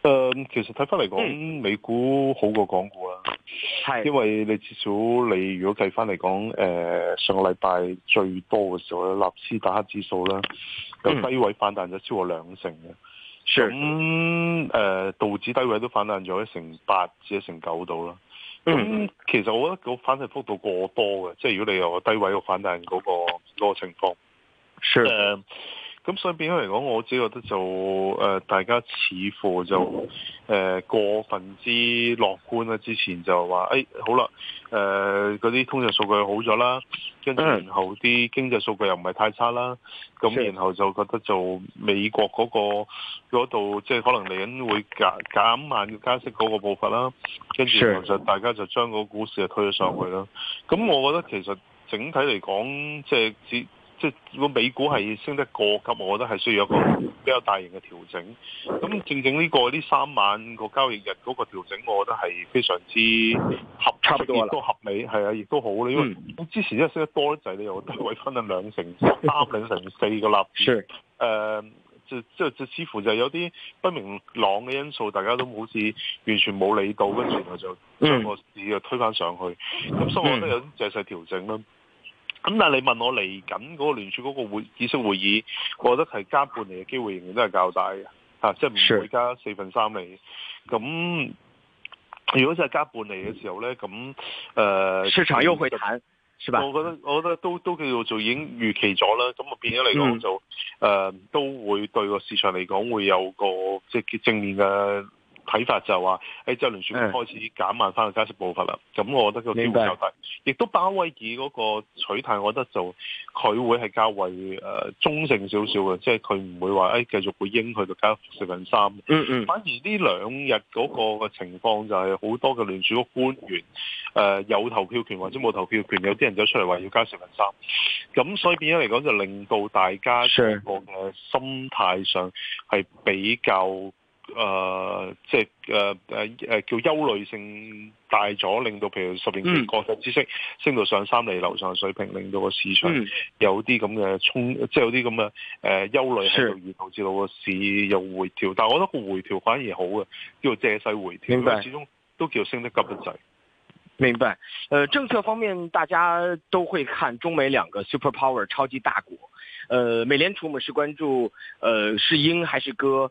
誒、uh,，其實睇翻嚟講，美股好過港股啦，係，因為你至少你如果計翻嚟講，誒、呃、上個禮拜最多嘅時候咧，納斯達克指數啦，咁、嗯、有低位反彈咗超過兩成嘅，咁誒、呃、道指低位都反彈咗一成八至一成九度啦。咁、嗯嗯、其實我覺得個反彈幅度過多嘅，即係如果你有個低位反彈、個反彈嗰個個情況，誒。Uh, 咁所以變咗嚟講，我自己覺得就誒、呃，大家似乎就誒、呃、過分之樂觀啦。之前就話誒、哎、好啦，誒嗰啲通脹數據好咗啦，跟住然後啲經濟數據又唔係太差啦，咁然後就覺得就美國嗰、那個嗰度即係可能嚟緊會減減慢加息嗰個步伐啦，跟住其實大家就將個股市就推咗上去啦。咁我覺得其實整體嚟講，即、就、係、是即係如果美股係升得過急，我覺得係需要一個比較大型嘅調整。咁正正呢、這個呢三晚個交易日嗰個調整，我覺得係非常之合差唔多也都合理，係啊，亦都好啦，因為之前一升得多啲就係你由低位分咗兩成、三兩成四嘅立。係 誒、呃，即即即似乎就係有啲不明朗嘅因素，大家都好似完全冇理到，跟住然後就將個市就、嗯、推返上去。咁所以我覺得有啲借勢調整囉。咁但係你問我嚟緊嗰個聯儲嗰個議息會議，我覺得係加半釐嘅機會仍然都係較大嘅，嚇，即係唔會加四分三釐。咁如果真係加半釐嘅時候呢，咁、呃、市場又會彈，是吧？我覺得，我覺得都，都叫做已經預期咗啦。咁啊變咗嚟講就、嗯呃、都會對個市場嚟講會有個即係正面嘅。睇法就話誒、哎，就聯儲會開始減慢翻個加息步伐啦。咁、嗯、我覺得個機會較大，亦都鮑威爾嗰個取態，我覺得就佢會係較為誒中性少少嘅，即係佢唔會話誒繼續會應佢到加四分三。嗯嗯。反而呢兩日嗰個嘅情況就係好多嘅聯儲局官員誒、呃、有投票權或者冇投票權，有啲人走出嚟話要加四分三。咁所以變咗嚟講，就令到大家個嘅心態上係比較。誒、呃，即係誒誒誒，叫憂慮性大咗，令到譬如十年期，國債孳息升到上三厘樓上水平，令到個市場有啲咁嘅衝，即係有啲咁嘅誒憂慮喺度，而導致到個市有回調。但係我覺得個回調反而好嘅，叫做借勢回調，因為始終都叫升得急得滯。明白。誒、呃，政策方面，大家都會看中美兩個 super power 超級大國。誒、呃，美聯儲，我們是關注，誒、呃，是鷹還是鴿。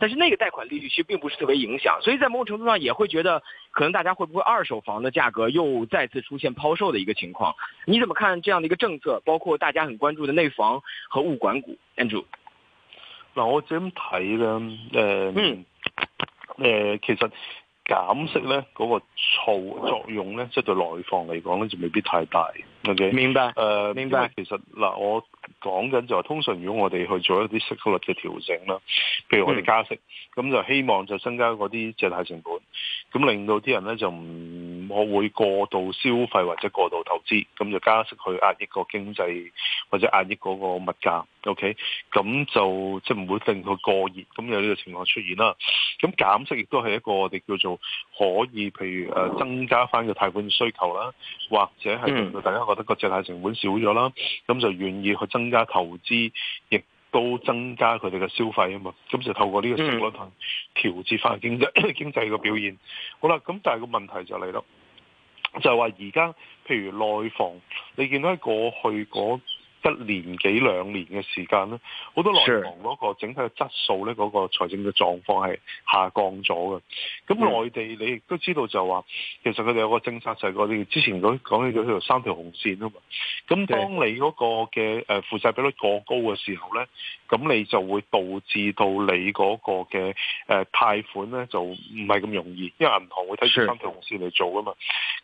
但是那個貸款利率其實並不是特別影響，所以在某種程度上也會覺得可能大家會不會二手房的價格又再次出現拋售的一個情況？你怎麼看這樣的一個政策？包括大家很關注的內房和物管股？Andrew，我點睇呢？誒，嗯，誒，其實減息呢，嗰個作用呢，即係對內房嚟講咧就未必太大。明白？明白。其實嗱我。講緊就係通常，如果我哋去做一啲息口率嘅調整啦，譬如我哋加息，咁、嗯、就希望就增加嗰啲借貸成本，咁令到啲人咧就唔我會過度消費或者過度投資，咁就加息去壓抑個經濟或者壓抑嗰個物價，O K，咁就即係唔會令佢過熱，咁有呢個情況出現啦。咁減息亦都係一個我哋叫做可以，譬如誒增加翻個貸款需求啦，或者係令到大家覺得個借貸成本少咗啦，咁、嗯、就願意去。增加投資，亦都增加佢哋嘅消費啊嘛，咁就透過呢個成個同調節翻經濟、嗯、經濟嘅表現。好啦，咁但係個問題就嚟咯，就係話而家譬如內房，你見到喺過去嗰一年幾兩年嘅時間咧，好多銀行嗰個整體嘅質素咧，嗰、那個財政嘅狀況係下降咗嘅。咁內地你亦都知道就話，其實佢哋有個政策就係嗰啲之前講起嘢叫做三條紅線啊嘛。咁當你嗰個嘅誒負債比率過高嘅時候咧，咁你就會導致到你嗰個嘅誒貸款咧就唔係咁容易，因為銀行會睇住三條紅線嚟做噶嘛。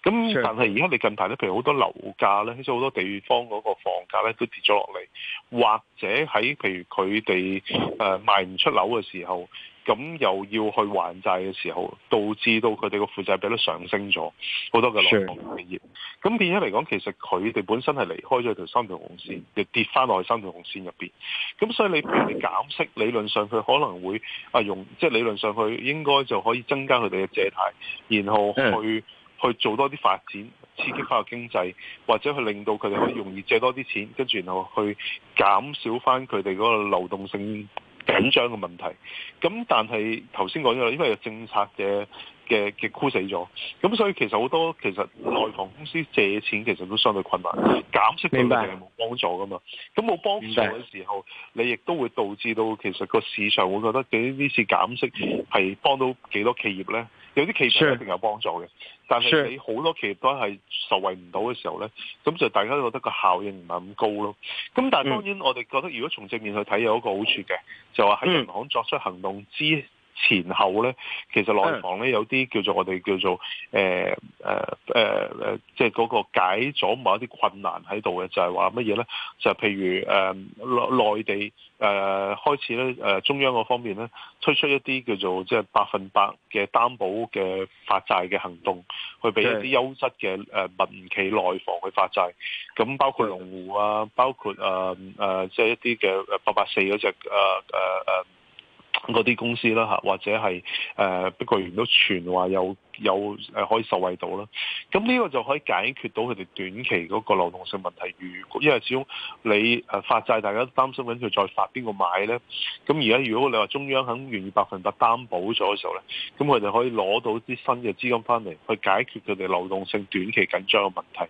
咁但係而家你近排咧，譬如好多樓價咧，甚至好多地方嗰個房價咧跌咗落嚟，或者喺譬如佢哋誒賣唔出樓嘅時候，咁又要去還債嘅時候，導致到佢哋個負債比率上升咗好多嘅樓房企業。咁變咗嚟講，其實佢哋本身係離開咗條三條紅線，亦跌翻落去三條紅線入邊。咁所以你譬如你減息，理論上佢可能會啊用，即係、就是、理論上佢應該就可以增加佢哋嘅借貸，然後去去做多啲發展。刺激化經濟，或者去令到佢哋可以容易借多啲錢，跟住然後去減少翻佢哋嗰個流動性緊張嘅問題。咁但係頭先講咗啦，因為政策嘅嘅嘅箍死咗，咁所以其實好多其實內房公司借錢其實都相對困難，減息對佢哋係冇幫助噶嘛。咁冇幫助嘅時候，你亦都會導致到其實個市場會覺得對呢次減息係幫到幾多企業咧？有啲企業一定有幫助嘅，sure. 但係你好多企業都係受惠唔到嘅時候咧，咁、sure. 就大家都覺得個效應唔係咁高咯。咁但係當然我哋覺得如果從正面去睇有一個好處嘅，就話喺銀行作出行動之前後咧，其實內房咧有啲叫做我哋叫做誒誒誒即係嗰個解咗某一啲困難喺度嘅，就係話乜嘢咧？就係、譬如誒內、內、地誒、呃、開始咧、呃、中央嗰方面咧推出一啲叫做即係百分百嘅擔保嘅發債嘅行動，去俾一啲優質嘅誒民企內房去發債，咁包括龍湖啊，包括誒、呃呃、即係一啲嘅八八四嗰隻誒誒嗰啲公司啦吓，或者係誒，碧桂園都傳話有。有誒、啊、可以受惠到啦，咁呢個就可以解決到佢哋短期嗰個流動性問題。如果因為始終你發債，大家都擔心緊佢再發邊個買咧？咁而家如果你話中央肯願意百分百擔保咗嘅時候咧，咁佢哋可以攞到啲新嘅資金翻嚟去解決佢哋流動性短期緊張嘅問題。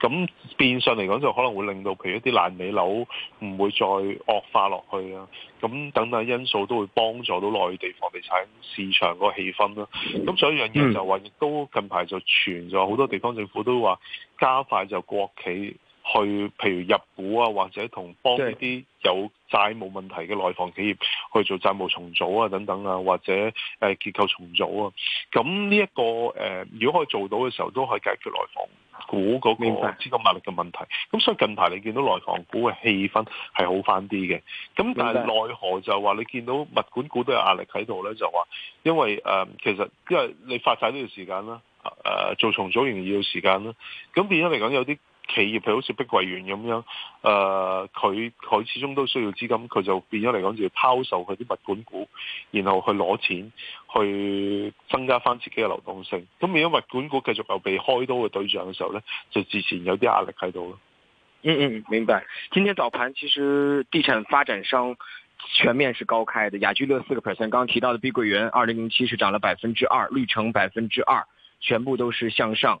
咁變相嚟講就可能會令到譬如一啲爛尾樓唔會再惡化落去啊，咁等等因素都會幫助到內地房地產市場個氣氛啦。咁所以樣嘢就是、～話亦都近排就傳咗好多地方政府都話加快就國企，去譬如入股啊，或者同幫一啲有債務問題嘅內房企業去做債務重組啊，等等啊，或者、呃、結構重組啊，咁呢一個誒、呃，如果可以做到嘅時候，都可以解決內房股嗰個資金壓力嘅問題。咁所以近排你見到內房股嘅氣氛係好翻啲嘅，咁但係奈何就話你見到物管股都有壓力喺度咧，就話因為誒、呃、其實因為你發債都要時間啦，誒、呃、做重組仍然要時間啦，咁變咗嚟講有啲。企業譬如好似碧桂園咁樣，誒佢佢始終都需要資金，佢就變咗嚟講就要拋售佢啲物管股，然後去攞錢去增加翻自己嘅流動性。咁如果物管股繼續又被開刀嘅對象嘅時候咧，就自然有啲壓力喺度咯。嗯嗯，明白。今天早盤其實地產發展商全面是高開嘅。雅居樂四個 percent，剛剛提到嘅碧桂園二零零七是漲了百分之二，綠城百分之二，全部都是向上。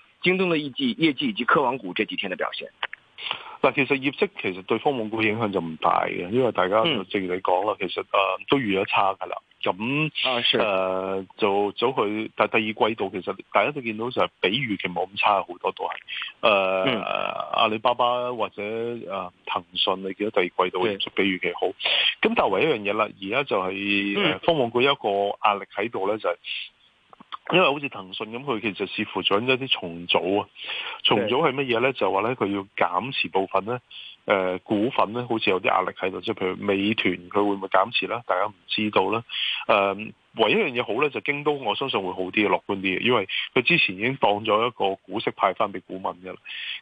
京東嘅業績、業績以及科網股這幾天嘅表現。嗱，其實業績其實對科網股影響就唔大嘅，因為大家正如你講啦、嗯，其實誒、呃、都預咗差噶啦。咁誒、啊呃，就早去但第二季度其實大家都見到就係比預期冇咁差好多都係。誒、呃嗯，阿里巴巴或者誒、呃、騰訊，你見到第二季度都比預期好。咁但係唯一樣嘢啦，而家就係誒科網股一個壓力喺度咧，就係。因為好似騰訊咁，佢其實似乎做一啲重組啊，重組係乜嘢咧？就話咧，佢要減持部分咧，呃，股份咧，好似有啲壓力喺度，即係譬如美團，佢會唔會減持啦？大家唔知道啦。呃唯一一樣嘢好咧，就是、京東我相信會好啲嘅，樂觀啲嘅，因為佢之前已經當咗一個股息派翻俾股民嘅啦。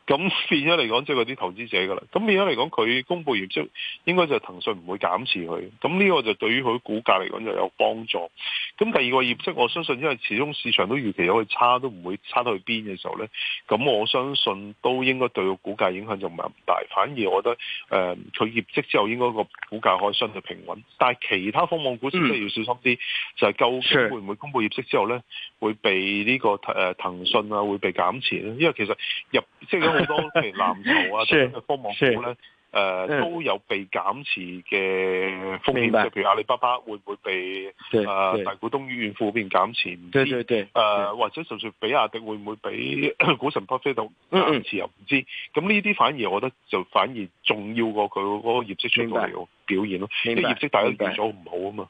咁變咗嚟講，即係嗰啲投資者嘅啦。咁變咗嚟講，佢公布業績應該就騰訊唔會減持佢。咁呢個就對於佢股價嚟講就有幫助。咁第二個業績，我相信因為始終市場都預期咗佢差都唔會差到去邊嘅時候咧，咁我相信都應該對個股價影響就唔係咁大。反而我覺得誒，佢、呃、業績之後應該個股價可以相對平穩。但係其他方網股先真係要小心啲。嗯就係究竟，會唔會公佈業績之後咧，會被呢、這個誒、呃、騰訊啊，會被減持咧、啊？因為其實入即係有好多譬 如藍籌啊，啲科技科網股咧，都有被減持嘅風險，就譬如阿里巴巴會唔會被誒、呃、大股東軟庫嗰邊減持？對對對誒、啊、或者就算比亞迪會唔會俾股 神巴菲特減持又唔知？咁呢啲反而我覺得就反而重要過佢嗰個業績出嚟嘅表現咯，因為業績大家預咗唔好啊嘛，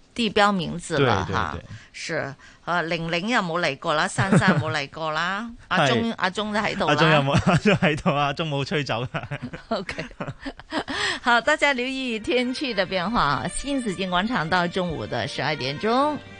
地標名字了哈，是呃玲玲又冇嚟過啦，珊珊冇嚟過啦， 阿鐘中 阿鐘都喺度阿鐘有冇，阿鐘都喺度阿鐘冇吹走的 OK， 好，大家留意天氣嘅變化啊，新紫荊廣場到中午嘅十二點鐘。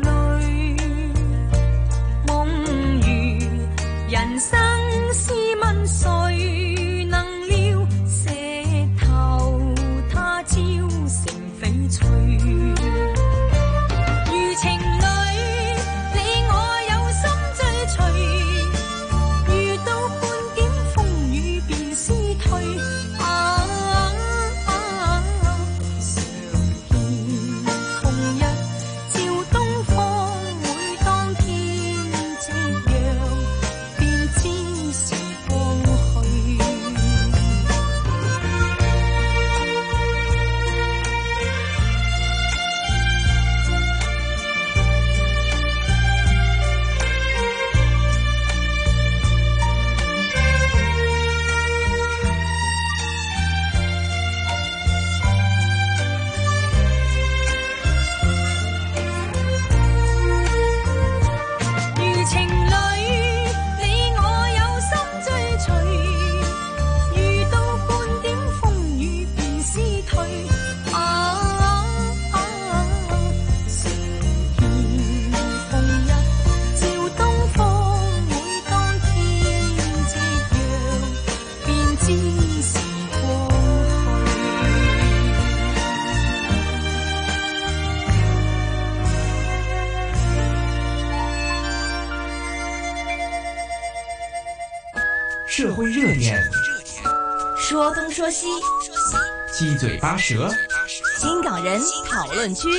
八蛇，蛇新，新港人討論區，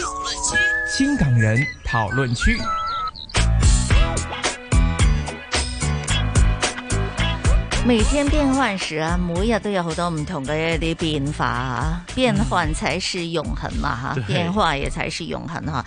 新港人討論區。每天變換時啊，每日都有好多唔同嘅一啲變化啊，變換才是永恒嘛，哈、嗯，變化也才是永恒哈、啊。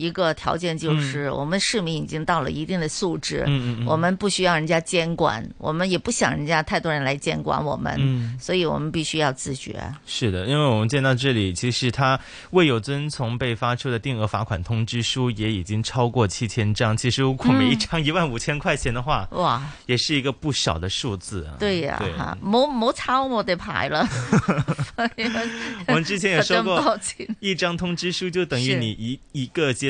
一個條件就是，我們市民已經到了一定的素質，嗯、我們不需要人家監管、嗯，我們也不想人家太多人來監管我們、嗯，所以我們必須要自覺。是的，因為我們見到這裏，其實他未有遵從被發出的定額罰款通知書，也已經超過七千張、嗯。其實如果每一張一萬五千塊錢的話，哇，也是一個不小的數字。對呀、啊，哈，冇冇抄我哋牌了。 我們之前也說過，一張通知書就等於你一一個接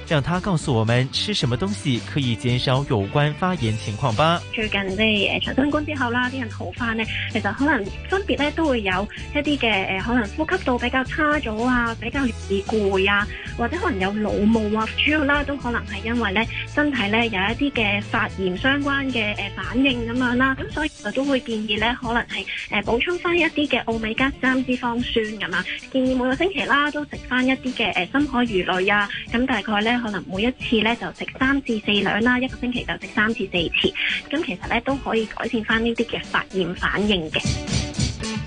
讓他告訴我們吃什麼東西可以減少有關發炎情況吧。最近即係，誒、呃，長新冠之後啦，啲人好翻咧，其實可能分別咧都會有一啲嘅，誒、呃，可能呼吸道比較差咗啊，比較易攰啊，或者可能有腦霧啊，主要啦都可能係因為咧身體咧有一啲嘅發炎相關嘅，誒，反應咁樣啦。咁所以我都會建議咧，可能係，誒、呃，補充翻一啲嘅歐米加三脂肪酸咁啊，建議每個星期啦都食翻一啲嘅，誒、呃，深海魚類啊，咁大概咧。可能每一次咧就食三至四兩啦，一個星期就食三至四次，咁其實咧都可以改善翻呢啲嘅發炎反應嘅。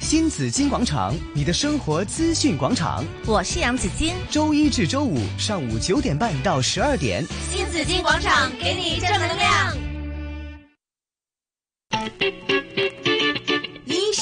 新紫金廣場，你的生活資訊廣場，我是楊紫金。周一至周五上午九點半到十二點，新紫金廣場給你正能量。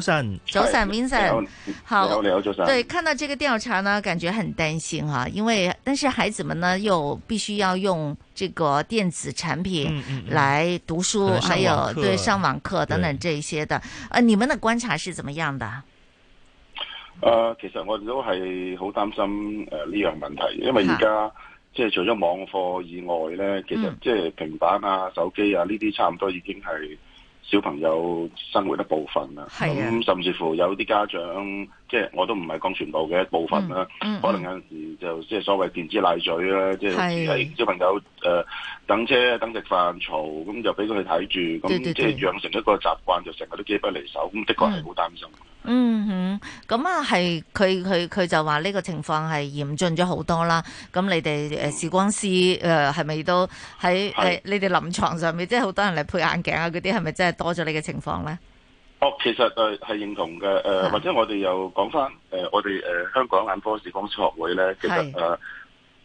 早晨早晨 Vinson 你好，好，你好早晨，對，看到這個調查呢，感覺很擔心啊，因為，但是孩子們呢，又必須要用這個電子產品來讀書，嗯嗯嗯、還有上對上網課等等這一些的，呃、啊，你們的觀察是怎麼樣的？誒、呃，其實我哋都係好擔心誒呢、呃、樣問題，因為而家、啊、即係除咗網課以外呢，其實、嗯、即係平板啊、手機啊呢啲，這些差唔多已經係。小朋友生活一部分啦，咁甚至乎有啲家長。即係我都唔係講全部嘅，一部分啦。嗯嗯，可能有陣時就即係所謂電子奶嘴啦，即係係小朋友誒、呃、等車等食飯嘈，咁就俾佢睇住，咁即係養成一個習慣，就成日都機不離手，咁的確係好擔心。嗯哼，咁啊係，佢佢佢就話呢個情況係嚴峻咗好多啦。咁你哋誒視光師誒係咪都喺、呃、你你哋臨床上面，即係好多人嚟配眼鏡啊，嗰啲係咪真係多咗你嘅情況咧？哦，其實誒係認同嘅，誒、呃啊、或者我哋又講翻誒，我哋誒、呃、香港眼科視光師學會咧，其實誒、啊、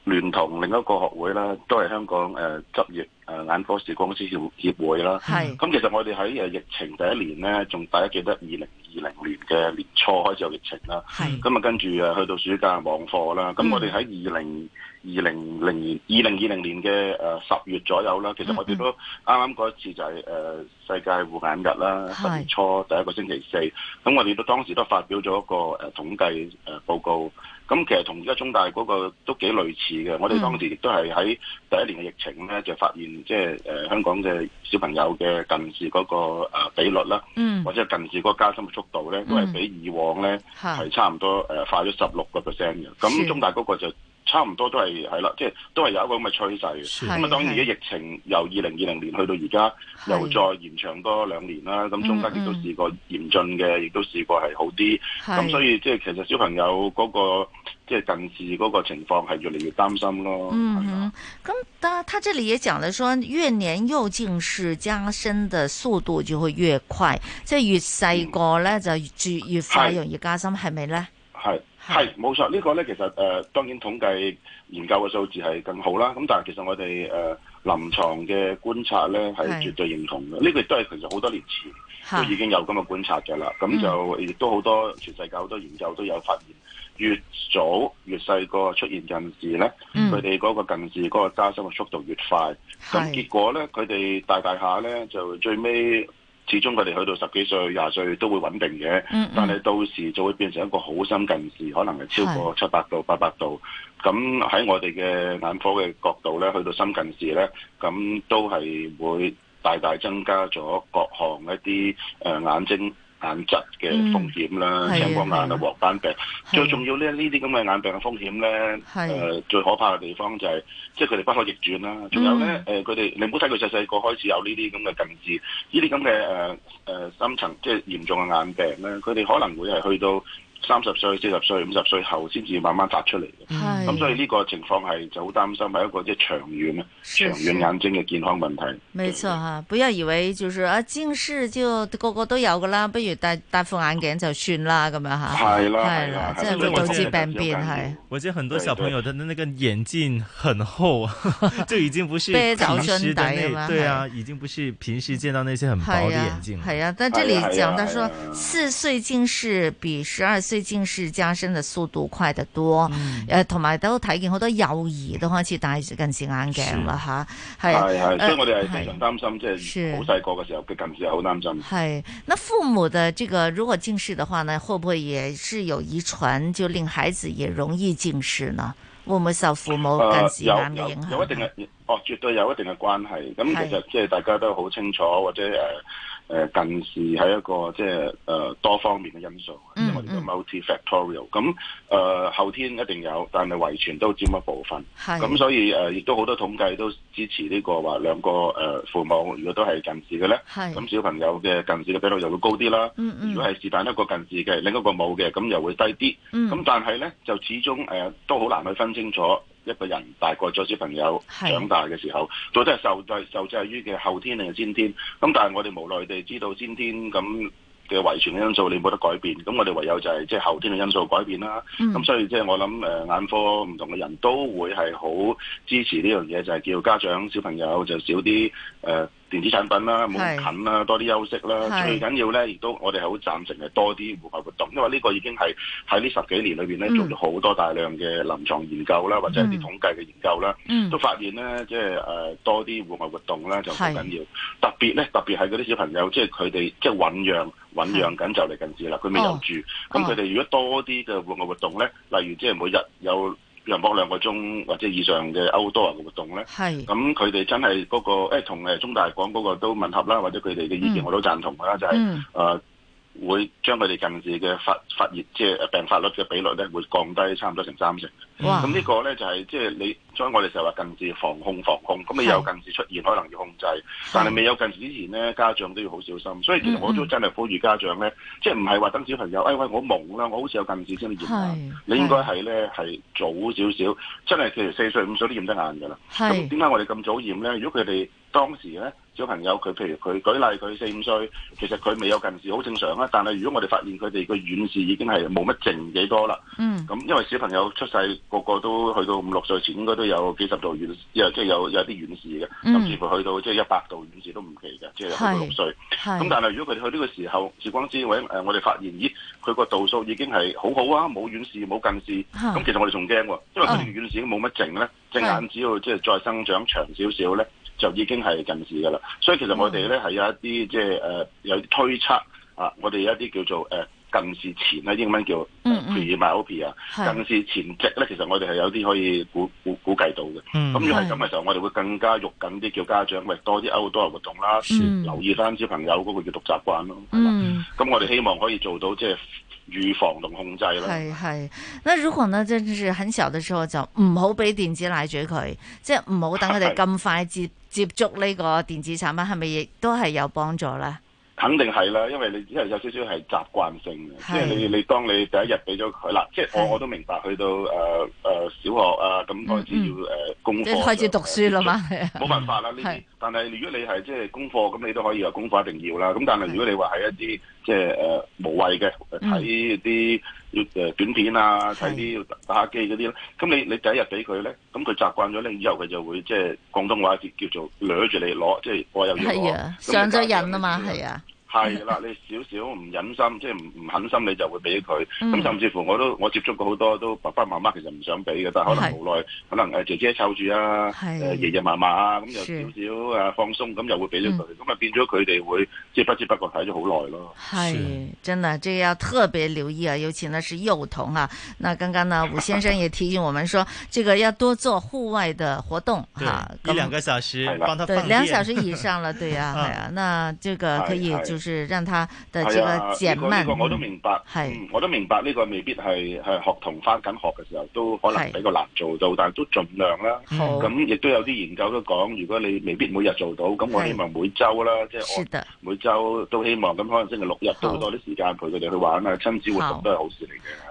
聯同另一個學會啦，都係香港誒、呃、執業誒眼科視光師協協會啦。咁其實我哋喺疫情第一年咧，仲大家記得二零二零年嘅年初開始有疫情啦。咁啊，跟住誒去到暑假網課啦。咁、嗯、我哋喺二零二零零二零二零年嘅誒十月左右啦，其實我哋都啱啱嗰一次就係、是、誒、呃、世界護眼日啦，十月初第一個星期四，咁我哋都當時都發表咗一個誒、呃、統計誒、呃、報告，咁其實同而家中大嗰個都幾類似嘅。我哋當時亦都係喺第一年嘅疫情咧，就發現即係誒香港嘅小朋友嘅近視嗰個比率啦，或者係近視嗰個加深嘅速度咧，都係比以往咧係差唔多誒快咗十六個 percent 嘅。咁、呃、中大嗰個就差唔多都係係啦，即係都係有一個咁嘅趨勢。咁啊，當然而家疫情由二零二零年去到而家，又再延長多兩年啦。咁中間亦都試過嚴峻嘅，亦、嗯、都試過係好啲。咁所以即係其實小朋友嗰、那個即係近視嗰個情況係越嚟越擔心咯。嗯，咁但係他這裡也講咗，說越年幼近視加深的速度就會越快，即係越細個咧就越快越快，容易加深，係咪咧？係。係冇錯，錯這個，呢個咧其實誒、呃，當然統計研究嘅數字係更好啦。咁但係其實我哋誒臨床嘅觀察咧係絕對認同嘅。呢，這個都係其實好多年前都已經有咁嘅觀察噶啦。咁就亦都好多全世界好多研究都有發現，嗯，越早越細個出現近視咧，佢哋嗰個近視嗰，那個加深嘅速度越快。咁結果咧，佢哋大大下咧就最尾。始終佢哋去到十幾歲、廿歲都會穩定嘅，嗯嗯，但係到時就會變成一個好深近視，可能係超過七百度、八百度。咁喺我哋嘅眼科嘅角度咧，去到深近視咧，咁都係會大大增加咗各行一啲、呃、眼睛。眼疾嘅風險啦，青、嗯、光眼啊、黃斑病，最重要咧呢啲咁嘅眼病嘅風險咧，誒、呃、最可怕嘅地方就係、是，即係佢哋不可逆轉啦。仲、嗯、有咧，誒佢哋你唔好睇佢細細個開始有呢啲咁嘅近視，呢啲咁嘅誒誒深層即係、就是、嚴重嘅眼病咧，佢哋可能會係去到。三十歲、四十歲、五十歲後先至慢慢發出嚟嘅，咁、啊嗯、所以呢個情況係就好擔心，係一個即係長遠啊、長遠眼睛嘅健康問題。冇錯嚇、啊，不要以為就是啊，近視就個個都有噶啦，不如戴戴，戴副眼鏡就算啦咁樣嚇。係、嗯、啦，係、啊、啦，即係會導致病變係。我見很多小朋友嘅那個眼鏡很厚，即 已經不是平時的。對啊， 已經不是平時見到那些很薄嘅眼鏡。係呀、啊，係、啊啊、但係這裡講到說，佢話四歲近視比十二。最近視加深嘅速度快得多，誒、嗯，同埋都睇見好多幼兒都開始戴近視眼鏡啦，吓，係、啊，係，所以我哋係非常擔心，即係好細個嘅時候，佢近視好擔心。係，那父母的這個如果近視的話呢，會不會也是有遺傳，就令孩子也容易近視呢？會唔會受父母近視眼嘅影響？有，有，有一定嘅，哦，絕對有一定嘅關係。咁其實即係、嗯、大家都好清楚，或者誒。呃誒，近視係一個即係誒多方面嘅因素，因為呢個 multifactorial。咁、嗯、誒、嗯呃、後天一定有，但係遺傳都佔一部分。咁所以誒亦、呃、都好多統計都支持呢、這個話，兩個誒、呃、父母如果都係近視嘅咧，咁小朋友嘅近視嘅比率就會高啲啦、嗯嗯。如果係是但一個近視嘅，另一個冇嘅，咁又會低啲。咁、嗯、但係咧就始終誒、呃、都好難去分清楚。一個人大個咗，小朋友長大嘅時候，到底係受制受制於嘅後天定係先天。咁但係我哋無奈地知道先天咁嘅遺傳嘅因素，你冇得改變。咁我哋唯有就係即係後天嘅因素改變啦。咁、嗯、所以即係我諗誒，眼科唔同嘅人都會係好支持呢樣嘢，就係、是、叫家長小朋友就少啲誒。呃電子產品啦，冇咁近啦，多啲休息啦。最緊要咧，亦都我哋係好暫成贊成嘅多啲戶外活動，因為呢個已經係喺呢十幾年裏邊咧、嗯、做咗好多大量嘅臨床研究啦，或者係啲統計嘅研究啦、嗯，都發現咧、嗯，即係、呃、多啲戶外活動啦，就好緊要。特別咧，特別係嗰啲小朋友，即係佢哋即係醖釀醖釀緊就嚟近視啦，佢未有住，咁佢哋如果多啲嘅戶外活動咧，例如即係每日有。兩博兩個鐘或者以上嘅 outdoor 嘅活動咧，咁佢哋真係嗰、嗰個同、哎，中大講嗰個都吻合啦，或者佢哋嘅意見我都贊同嘅啦、嗯，就係、是嗯會將佢哋近視嘅發發熱，即係病發率嘅比率咧，會降低差唔多成三成。咁呢個咧就係即係你所以我哋成日話近視防控防控，咁你有近視出現可能要控制，但係未有近視之前咧，家長都要好小心。所以其實我都真係呼籲家長咧、嗯，即係唔係話等小朋友，哎喂，我懵啦，我好似有近視先至驗眼，你應該係咧係早少少，真係譬如四歲五歲都驗得眼㗎啦。咁點解我哋咁早驗咧？如果佢哋當時咧。小朋友佢，譬如佢舉例，佢四五歲，其實佢未有近視，好正常啊。但係如果我哋發現佢哋個遠視已經係冇乜剩幾多啦，咁、嗯、因為小朋友出世個個都去到五六歲前，應該都有幾十度遠，即、就、係、是、有有啲遠視嘅，甚、嗯、至乎去到即係一百度遠視都唔奇嘅，即係去到六歲。咁但係如果佢哋去呢個時候，視光師或者我哋發現，咦，佢個度數已經係好好啊，冇遠視冇近視，咁其實我哋仲驚，因為佢哋遠視已經冇乜剩咧，隻、哦、眼只要即係再生長長少少咧。就已經係近視嘅啦，所以其實我哋咧係有一啲即係誒有啲推測啊，我哋有一啲叫做誒、呃、近視前咧，英文叫譬如 myopia 近視前質咧，其實我哋係有啲可以估估估計到嘅。咁要係咁嘅時候，我哋會更加喐緊啲叫家長，喂，多啲 outdoor 活動啦，留意翻小朋友嗰、嗯那個閱讀習慣咯。咁、嗯、我哋希望可以做到即係、就是、預防同控制咯。係係，那如果呢，真係很小嘅時候就唔好俾電子奶嘴佢，即係唔好等佢哋咁快捷。接觸呢個電子產品係咪亦都係有幫助咧？肯定係啦，因為你只係有少少係習慣性嘅，即係、就是、你你當你第一日俾咗佢啦，即係我我都明白，去到誒誒、呃呃、小學啊，咁、呃、開始要誒、呃嗯、功課，你開始讀書啦嘛，冇辦法啦呢啲。但係如果你係即係功課，咁你都可以話功課一定要啦。咁但係如果你話係一啲即係無謂嘅睇啲短片啊，睇、嗯、啲打機嗰啲咧，咁你你第一日俾佢咧，咁佢習慣咗咧，以後佢就會即係廣東話叫叫做掠住你攞，即係我又要攞。係啊、嗯，上咗癮啊嘛，係、嗯、啊。係啦，你少少唔忍心，即係唔唔狠心，你就會俾佢。咁甚至乎我都我接觸過好多，都爸爸媽媽其實唔想俾嘅，但係可能無奈，可能誒姐姐湊住啊，誒、呃、爺爺嫲嫲啊，咁又少少誒放鬆，咁又會俾咗佢。咁、嗯、啊變咗佢哋會即係不知不覺睇咗好耐咯。係，真係，這個要特別留意啊，尤其呢是幼童哈、啊。那剛剛呢伍先生也提醒我們說， 這個要多做戶外的活動哈，一 兩、啊、個小時幫他放電兩小時以上了，對啊，係 啊， 那這個可以就。 是讓他的這個減慢，啊，這個這個、我都明白，嗯、我都明白呢個未必係係學童翻緊學嘅時候都可能比較難做到，但係都盡量啦。咁亦都有啲研究都講，如果你未必每日做到，咁我希望每周啦，即係我每周都希望咁可能星期六日都會多啲時間陪佢哋去玩啊，親子活動都係好事嚟嘅。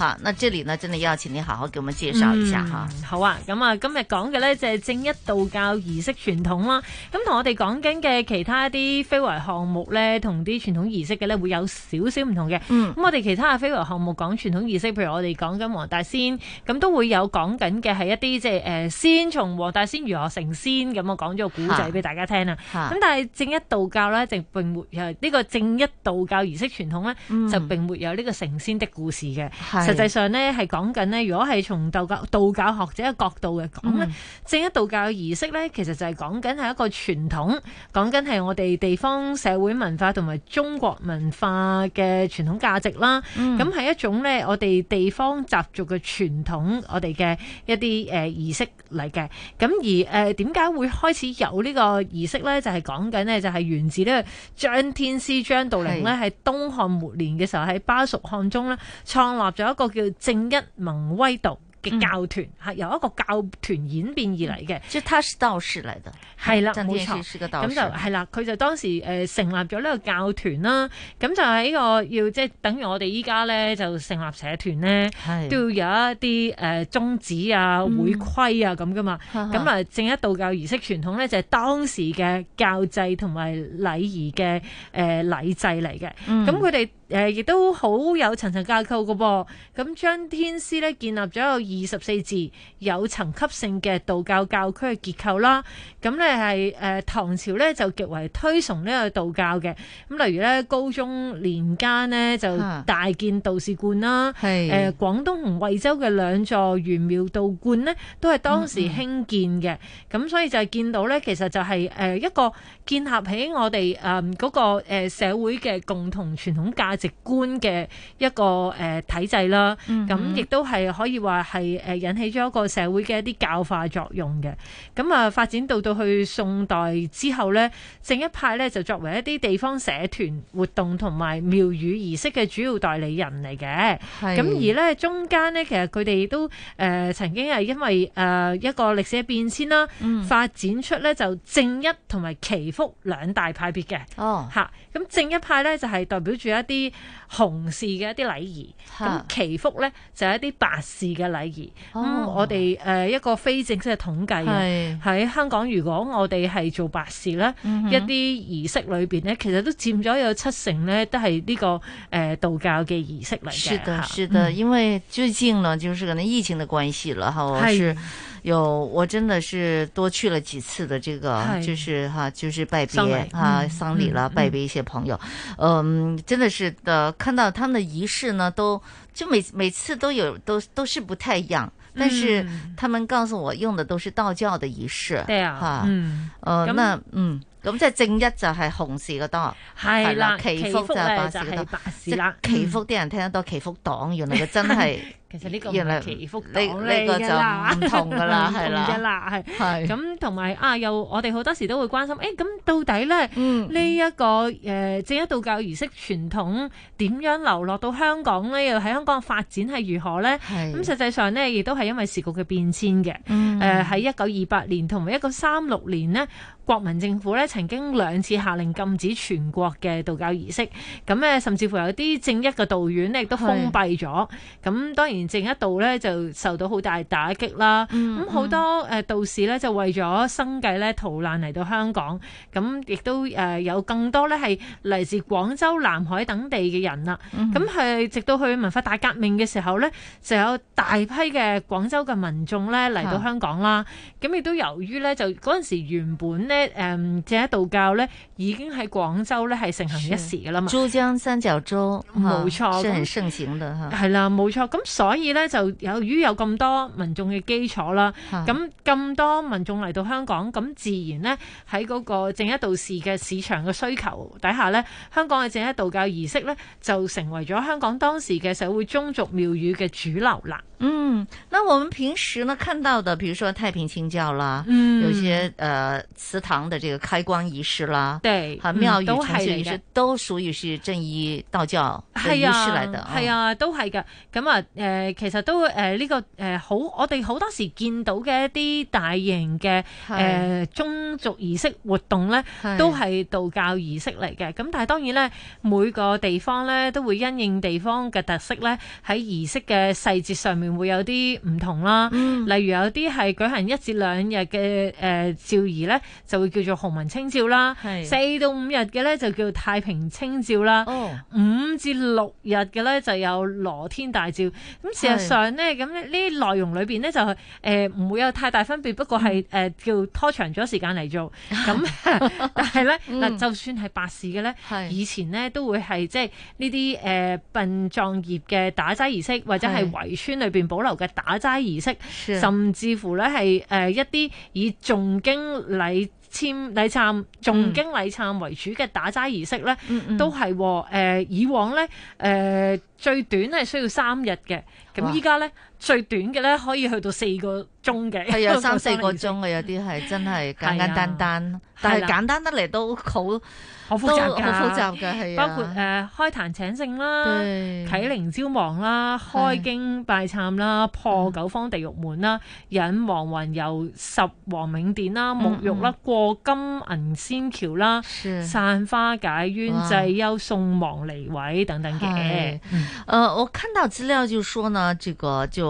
好，那這裏呢，真係要請你好好給我們介紹一下、嗯、好啊，咁、嗯、啊，今日講嘅呢，就係正一道教儀式傳統啦。咁同我哋講緊嘅其他啲非遺項目呢，同啲傳統儀式嘅呢，會有少少唔同嘅。嗯。咁我哋其他嘅非遺項目講傳統儀式，譬如我哋講緊黃大仙，咁都會有講緊嘅係一啲即係誒，先從黃大仙如何成仙咁，我講咗個古仔俾大家聽啊。咁但係正一道教呢，就並沒誒呢、這個正一道教儀式傳統呢，就並沒有呢個成仙的故事嘅。嗯。實際上咧，係講緊呢，如果係從道教道教學者嘅角度嘅講咧，正一道教嘅儀式咧，其實就係講緊係一個傳統，講緊係我哋地方社會文化同埋中國文化嘅傳統價值啦。咁、嗯、係一種咧，我哋地方習俗嘅傳統，我哋嘅一啲誒儀式嚟嘅。咁而誒點解會開始有呢個儀式咧？就係講緊呢，就係、是、源自咧張天師張道陵咧，喺東漢末年嘅時候喺巴蜀漢中咧創立咗。一個叫正一盟威道嘅教團，吓、嗯、由一個教團演變而嚟嘅，即 touch 就他是道士嚟嘅，係啦，冇錯，咁就係啦，佢就當時誒、呃、成立咗呢個教團啦，咁就是、這個、呢個要即係等於我哋依家咧就成立社團咧，都要有一啲誒、呃、宗旨啊、會規啊咁噶、嗯、嘛，咁啊正一道教儀式傳統咧就係、是、當時嘅教制同埋禮儀嘅誒禮制嚟嘅，咁佢哋。誒亦都好有層層架構噶噃，咁張天師咧建立咗有二十四字有層級性嘅道教教區嘅結構啦。咁咧係誒唐朝咧就極為推崇呢個道教嘅。咁例如咧高宗年間呢，就大建道士館啦。係、啊、誒廣東同惠州嘅兩座玄妙道觀呢，都係當時興建嘅。咁、嗯嗯、所以就係見到咧，其實就係誒一個建立起我哋誒嗰個社會嘅共同傳統價值。直觀嘅一個誒體制啦，嗯，咁亦都係可以話係誒引起咗一個社會嘅一啲教化作用嘅。咁啊發展到到去宋代之後咧，正一派咧就作為一啲地方社團活動同埋廟宇儀式嘅主要代理人嚟嘅。咁而咧中間咧，其實佢哋都誒曾經係因為誒一個歷史嘅變遷啦、嗯，發展出咧就正一同埋祈福兩大派別嘅。哦，吓，咁正一派咧就係代表住一啲。紅事嘅一啲禮儀，咁祈福咧就係、是、一啲白事嘅禮儀。咁、哦嗯、我哋誒、呃、一個非正式嘅統計，喺香港，如果我哋係做白事咧、嗯，一啲儀式裏邊咧，其實都佔咗有七成咧、這個，都係呢個誒道教嘅儀式嚟嘅。是的，是的、嗯，因為最近呢，就是可能疫情嘅關係啦，哈，是。有，我真的是多去了幾次的這個，就是哈，就是拜別啊，喪禮、嗯、了、嗯，拜別一些朋友，嗯，嗯呃、真的是的、呃，看到他們的儀式呢，都就每每次都有，都都是不太一樣、嗯，但是他們告訴我用的都是道教的儀式，對啊，哈嗯，哦、呃嗯嗯，那在、啊就是、嗯，咁即係正一就係紅色嘅多，係啦，祈福就係白色嘅多，即係祈福啲人聽得到祈福黨原來佢真係。其實呢個祈福黨嚟噶啦，唔 同噶啦，係啦，係咁同埋啊，又我哋好多時都會關心，誒、欸，咁到底咧呢一、嗯這個誒、呃、正一道教儀式傳統點樣流落到香港咧？又喺香港發展係如何咧？咁實際上咧，亦都係因為時局嘅變遷嘅。誒、嗯，喺一九二八年同埋一九三六年咧，國民政府咧曾經兩次下令禁止全國嘅道教儀式，咁咧、呃、甚至乎有啲正一嘅道院咧亦都封閉咗。咁當然。正一道咧就受到好大打擊啦，咁好多誒道士咧就為咗生計咧逃難嚟到香港，咁亦都誒有更多咧係嚟自廣州、南海等地嘅人啦。咁係直到去文化大革命嘅時候咧，就有大批嘅廣州嘅民眾咧嚟到香港啦。咁亦都由於咧就嗰陣時原本咧誒正一道教咧已經喺廣州咧係盛行一時㗎啦嘛。珠江三角洲，冇錯，係很盛行嘅嚇。係啦，冇錯，咁所。所以咧就由於有咁多民眾嘅基礎啦，咁、嗯、咁多民眾嚟到香港，咁自然呢，喺嗰個正一道士嘅市場嘅需求底下呢，香港嘅正一道教儀式呢，就成為咗香港當時嘅社會宗族廟宇嘅主流啦。嗯，那我們平時呢看到的，比如說太平清教啦，嗯、有些、呃、祠堂的這個開光儀式啦，對，和、啊、廟宇都的儀式都屬於是正一道教的儀式來的，係啊、哦、啊，都係嘅。咁、嗯、啊，誒、嗯。其實都誒呢、呃這個誒、呃、好，我哋好多時見到嘅一啲大型嘅誒宗族儀式活動咧，都係道教儀式嚟嘅。咁但係當然咧，每個地方咧都會因應地方嘅特色咧，喺儀式嘅細節上面會有啲唔同啦、嗯。例如有啲係舉行一至兩日嘅誒醮儀咧，就會叫做洪文清醮啦。四到五日嘅咧就叫做太平清醮啦。五、哦、至六日嘅咧就有羅天大醮。事實上咧，咁呢啲內容裏面咧就誒唔、呃、會有太大分別，不過係誒、呃、叫拖長咗時間嚟做。咁 但係咧，嗱、嗯，就算係白事嘅咧、嗯，以前咧都會係即係呢啲誒殯葬業嘅打齋儀式，或者係圍村裏面保留嘅打齋儀式，甚至乎咧係誒一啲以重經禮。簽禮綬、重經禮綬為主嘅打齋儀式咧、嗯，都係喎、哦呃。以往咧，誒、呃、最短係需要三日嘅，咁依家咧。最短嘅咧可以去到四個鐘嘅，係 有三四個鐘嘅， 有啲係真係簡簡單單、啊，但係簡單得嚟都好，好、啊、複雜噶，包括誒、啊嗯、開壇請聖啦、啓靈招亡啦、開經拜懺啦、破九方地獄門啦、引亡魂遊十王冥殿啦、嗯、沐浴啦、嗯、過金銀仙橋啦、散花解冤、祭幽送亡離位等等嘅、啊。誒、嗯呃，我看到資料就說呢，這個就。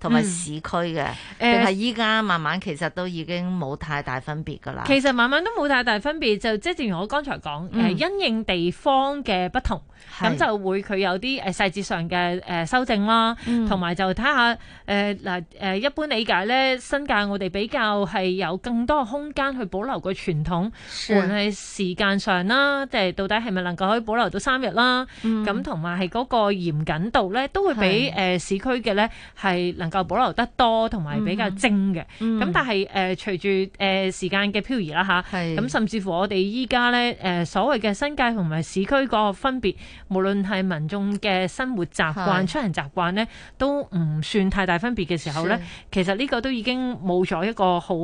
同埋市區嘅，誒係依家慢慢其實都已經冇太大分別㗎啦。其實慢慢都冇太大分別，就即係正如我剛才講，嗯呃，因應地方嘅不同，咁就會佢有啲誒細節上嘅誒，呃、修正啦，同、嗯、埋就睇下誒嗱誒一般理解咧，新界我哋比較係有更多嘅空間去保留個傳統，無論係時間上啦，即係到底係咪能夠可以保留到三日啦，咁同埋係嗰個嚴謹度咧，都會比誒，呃、市區嘅咧係能夠保留得多同埋比較精嘅，咁、嗯、但係誒、呃、隨住時間嘅漂移啦吓，咁甚至乎我哋依家咧所謂嘅新界同埋市區個分別，無論係民眾嘅生活習慣、出行習慣呢，都唔算太大分別嘅時候咧，其實呢個都已經冇咗一個好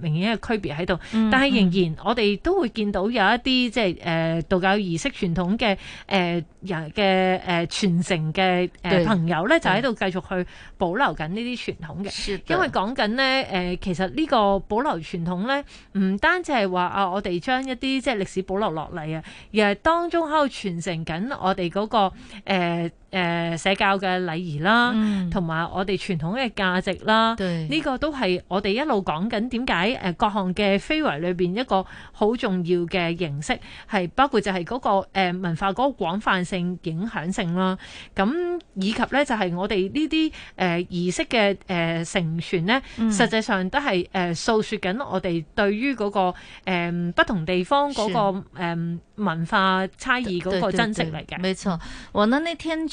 明顯嘅區別喺度、嗯。但係仍然我哋都會見到有一啲即係、呃、道教儀式傳統嘅人嘅誒傳承嘅誒、呃、朋友咧，就喺度繼續去保留。緊呢啲傳統嘅，因為講緊呢，誒，其實呢個保留傳統呢，唔單止係話啊，我哋將一啲即係歷史保留落嚟啊，而係當中喺度傳承緊我哋嗰個誒。呃誒、呃、社交嘅禮儀啦，同、嗯、埋我哋傳統嘅價值啦，呢、這個都係我哋一路講緊點解各項嘅非遺裏邊一個好重要嘅形式，係包括就係嗰、那個、呃、文化嗰廣泛性影響性啦。咁以及咧就係、是、我哋呢啲誒儀式嘅誒、呃、承傳咧、嗯，實際上都係誒訴説緊我哋對於嗰、那個、呃、不同地方嗰、那個、呃、文化差異嗰個珍惜嚟嘅。冇錯。我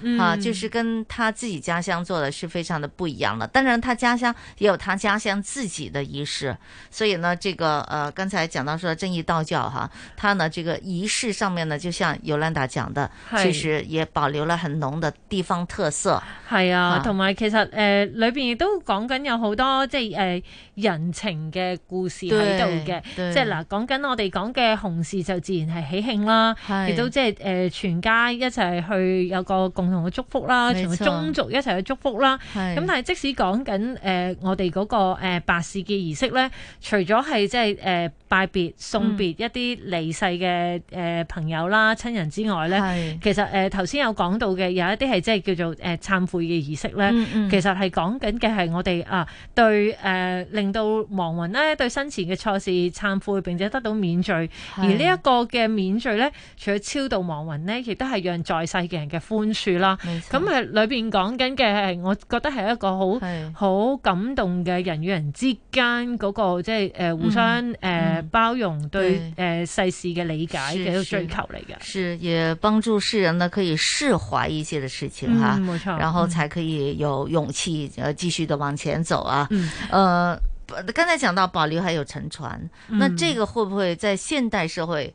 嗯、啊，就是跟他自己家鄉做的是非常的不一樣了。當然，他家鄉也有他家鄉自己的儀式，所以呢，這個，呃，剛才講到說正一道教，哈、啊，他呢，這個儀式上面呢，就像尤蘭達講的，其實也保留了很濃的地方特色。係啊，同、啊、埋其實，誒、呃，裏邊亦都講緊有好多即係，誒、呃，人情嘅故事喺度嘅，即係嗱、呃，講緊我哋講嘅紅事就自然係喜慶啦，亦都即、就、係、是，誒、呃，全家一齊去有個共。同嘅祝福啦，同宗族一齊去祝福啦。咁但係即使講緊誒，我哋嗰、嗰個誒、呃、白事嘅儀式咧，除咗係即係誒拜別送別、嗯、一啲離世嘅誒、呃、朋友啦、親人之外咧、嗯，其實誒頭先有講到嘅有一啲係即係叫做誒懺、呃、悔嘅儀式咧、嗯嗯，其實係講緊嘅係我哋啊對誒、呃、令到亡魂咧對生前嘅錯事懺悔，並且得到免罪。嗯、而呢一個嘅免罪咧，除咗超度亡魂咧，亦都係讓在世嘅人嘅寬恕。啦，咁係裏邊講緊嘅係，我覺得係一個好好感動嘅人與人之間嗰、那個即係誒互相誒、嗯呃、包容對誒世事嘅理解嘅一個追求嚟嘅。是，是，是也幫助世人呢可以釋懷一些嘅事情哈，嗯，然後才可以有勇氣繼續的往前走啊。嗯、誒、呃，剛才講到保留還有沉船、嗯，那這個會不會在現代社會？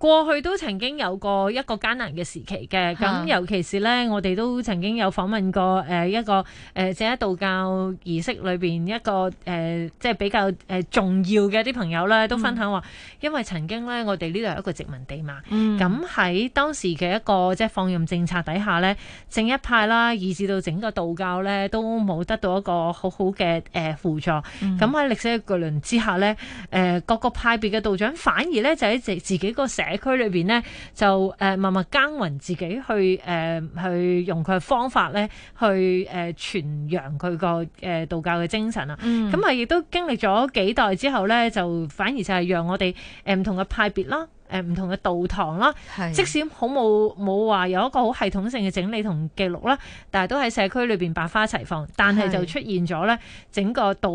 過去都曾經有過一個艱難嘅時期嘅，咁尤其是咧，我哋都曾經有訪問過誒一個誒，正一道教儀式裏面一個誒，即係比較重要嘅啲朋友咧，都分享話，因為曾經咧，我哋呢度係一個殖民地嘛，咁、嗯、喺當時嘅一個即係放任政策底下咧，正一派啦，以至到整個道教咧都冇得到一個好好嘅誒輔助，咁、嗯、喺歷史嘅巨輪之下咧，誒各個派別嘅道長反而咧就喺自己個石，社區裏邊咧就誒默默耕耘，自己去誒去用佢嘅方法咧去誒傳揚佢個誒道教嘅精神啊，嗯，咁啊亦都經歷咗幾代之後咧就反而就係讓我哋誒唔同嘅派別啦。誒、呃、唔同嘅道堂啦，即使好冇冇話有一個好系統性嘅整理同記錄啦，但係都喺社區裏邊百花齊放。但係就出現咗呢整個道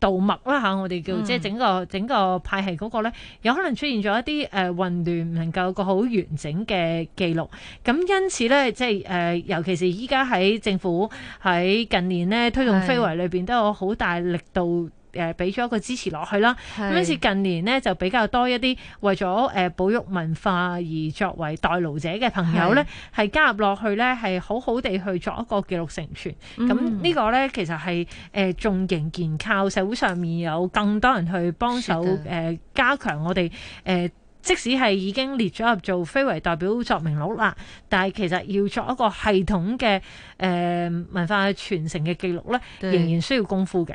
道脈啦嚇，我哋叫、嗯、即係整個整個派系嗰個呢，有可能出現咗一啲誒、呃、混亂，唔能夠個好完整嘅記錄。咁因此呢，即係誒、呃，尤其是依家喺政府喺近年呢推動非遺裏邊都有好大力度。誒俾咗一個支持落去啦，咁於是近年呢，就比較多一啲為咗誒、呃、保育文化而作為代勞者嘅朋友咧，係加入落去咧，係好好地去作一個記錄承傳。咁、嗯、呢個咧其實係誒、呃、仲仍然靠社會上面有更多人去幫手誒、呃、加強我哋誒、呃，即使係已經列咗入做非遺代表作名錄啦，但係其實要做一個系統嘅誒、呃、文化傳傳承嘅記錄咧，仍然需要功夫嘅。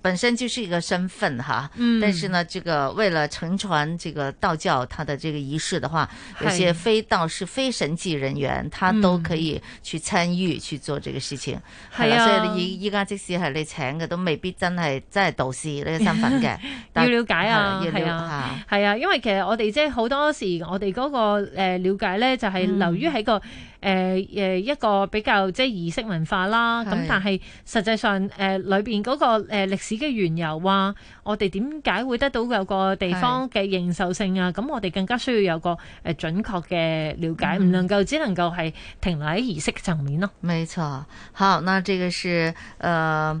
本身就是一個身份哈，但是呢，這個為了承傳這個道教它的這個儀式的話，嗯、有些非道士、非神職人員，他都可以去參與去做這個事情，係、嗯、啦、啊。所以你依依家即使係你請嘅，都未必真係真係道士呢個身份嘅，要了解啊，係啊，係啊，啊，啊，因為其實我哋即係好多時我哋嗰個誒了解咧，就係流於喺個誒誒一個比較即係儀式文化啦，咁、啊、但係實際上誒、啊呃、裏邊嗰個誒歷史。自己嘅原由啊！我哋點解會得到有個地方嘅認受性啊？咁我哋更加需要有個誒準確嘅了解，唔能夠只能夠係停留喺儀式層面咯、嗯。沒錯，好，那這個是誒。呃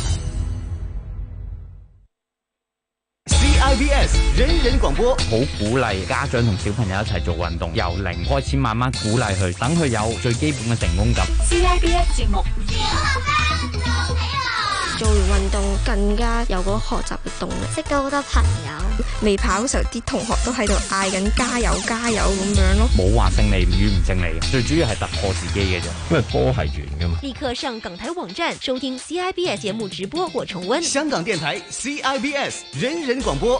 I B S 人人廣播。好鼓勵家長同小朋友一齊做運動，由零開始慢慢鼓勵佢，等佢有最基本嘅成功感。C I B S 節目。做完運動更加有個學習嘅動力，識咗好多朋友。未跑嘅時候，啲同學都喺度嗌緊加油加油咁樣咯。冇話勝利與唔勝利，最主要係突破自己嘅啫。因為波係圓噶嘛。立刻上港台網站收聽 CIBS 節目直播或重温。香港電台 CIBS 人人廣播。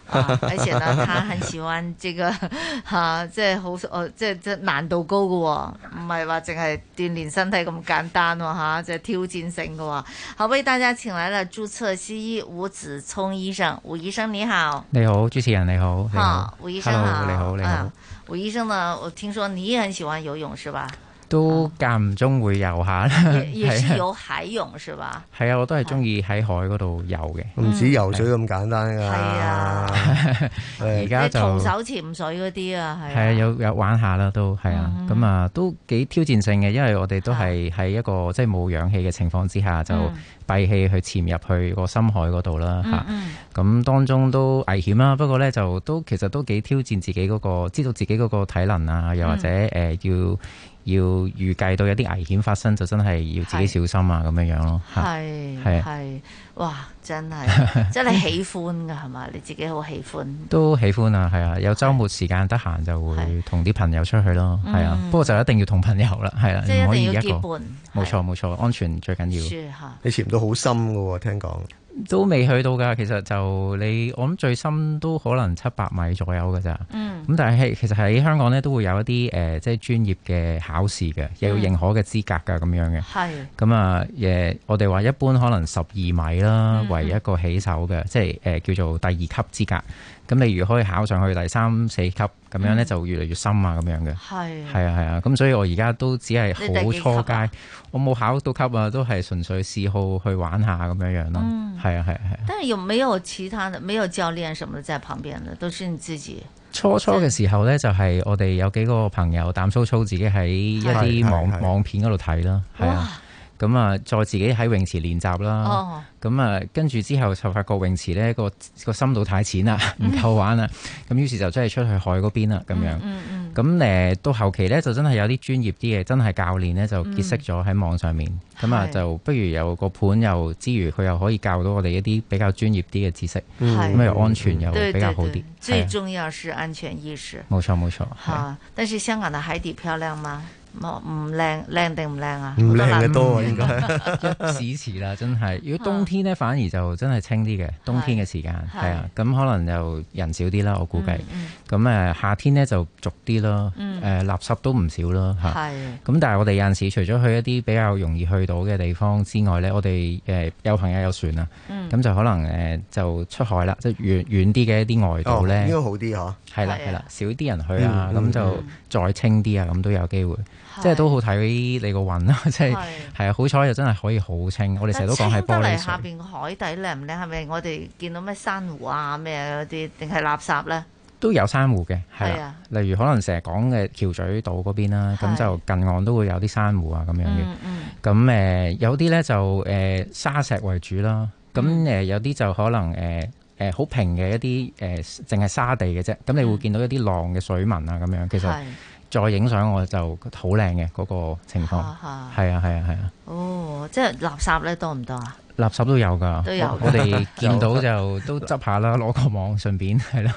啊、而且呢，他很喜歡這個吓，即、啊、係好哦，即係即係難度高嘅、哦，唔係話淨係鍛煉身體咁簡單吓，即、啊、係挑戰性嘅、哦。好，為大家請來了註冊西醫伍子聰醫生，伍醫生你好，你好，主持人你好，哈、啊，伍醫生好，好你好你好、啊，伍醫生呢，我聽說你也很喜歡游泳，是吧？都間唔中會游下咧、嗯啊，也是游海泳是吧？係啊，我都係中意喺海嗰度游嘅，唔止游水咁簡單噶。係啊，而家就徒手潛水嗰啲啊，係係、啊啊啊啊、有有玩下啦，都係啊。咁、嗯、啊、嗯嗯嗯嗯，都幾挑戰性嘅，因為我哋都係喺一個即係冇氧氣嘅情況之下，就閉氣去潛入去個深海嗰度啦。吓、嗯、咁、嗯啊嗯嗯嗯、當中都危險啦、啊。不過咧，就都其實都幾挑戰自己嗰、嗰個，知道自己嗰個體能啊，又或者誒、呃、要。要預計到有啲危險發生，就真係要自己小心啊！咁樣樣咯，係係哇，真係，即係你喜歡噶係嘛？你自己好喜歡都喜歡啊，係啊，有週末時間得閒就會同啲朋友出去咯，係啊，係啊，係啊、嗯，不過就一定要同朋友啦，係啦、啊，即、就、以、係、一定要結伴，冇錯冇錯，安全最緊要。啊、你潛到好深嘅喎，聽講。都未去到㗎，其實就你我諗最深都可能七百米左右㗎咋。嗯，咁但係其實喺香港咧都會有一啲誒、呃，即係專業嘅考試嘅，又要認可嘅資格㗎咁樣嘅。係，咁啊誒，我哋話一般可能十二米啦，為一個起手嘅、嗯，即係誒、呃、叫做第二級資格。咁你如可以考上去第三、四級，咁、嗯、樣咧就越嚟越深啊，咁樣嘅。係係啊係啊，咁、啊啊、所以我而家都只係好初階、啊，我冇考到級啊，都係純粹嗜好去玩一下咁樣樣咯。嗯，係啊係啊係。但是有冇有其他的，沒有教練什麼的在旁邊的，都是你自己。初初嘅時候呢，就係、是、我哋有幾個朋友膽粗粗自己喺一啲網是是是網片嗰度睇啦。咁、嗯、啊，再自己喺泳池練習啦、嗯。哦。咁啊，跟住之後就發覺泳池咧個個深度太淺啦，唔、嗯、夠玩啦。咁、嗯、於是就真係出去海嗰邊啦，咁樣。咁、嗯、誒、嗯嗯，到後期咧就真係有啲專業啲嘅，真係教練咧就結識咗喺網上面。咁、嗯、啊、嗯，就不如有個盤又之餘，佢又可以教到我哋一啲比較專業啲嘅知識。咁、嗯、又安全又比較好啲、嗯嗯。最重要是安全意識。冇錯冇錯。好，但是香港的海底漂亮嗎？唔靚，靚定唔靚啊？唔靚嘅多啊，應該一 時遲啦，真係。如果冬天咧，反而就真係清啲嘅，冬天嘅時間係啊，咁可能就人少啲啦，我估計。咁、嗯、誒、嗯嗯，夏天咧就濁啲咯，誒、嗯，垃圾都唔少咯吓。咁但係我哋有陣時，除咗去一啲比較容易去到嘅地方之外咧，我哋誒有朋友有船啊，咁、嗯、就可能誒、呃、就出海啦，即係遠遠啲嘅一啲外島咧、哦，應該好啲嗬、啊。係啦係啦，少啲人去啊，咁、嗯嗯、就再清啲啊，咁都有機會。即係都好睇你個雲啦，即係，係啊，好彩又真係可以好清。我哋成日都講，係玻璃下邊海底靚唔靚，係咪我哋見到咩珊瑚啊咩嗰啲，定係垃圾咧？都有珊瑚嘅，係啊。啊例如可能成日講嘅橋咀島嗰邊啦，咁、啊、就近岸都會有啲珊瑚啊咁樣嘅。咁、嗯、誒、嗯，有啲咧就誒、呃、沙石為主啦。咁誒、呃，有啲就可能誒誒好平嘅一啲誒，淨、呃、係沙地嘅啫。咁你會見到一啲浪嘅水紋啊，咁樣其實。再影相我就好靚嘅嗰個情況，係啊係啊係啊，啊，啊。哦，即係垃圾咧多唔多啊？垃圾都有噶、哦，我哋見到就 都執下啦，攞個網順便係啦。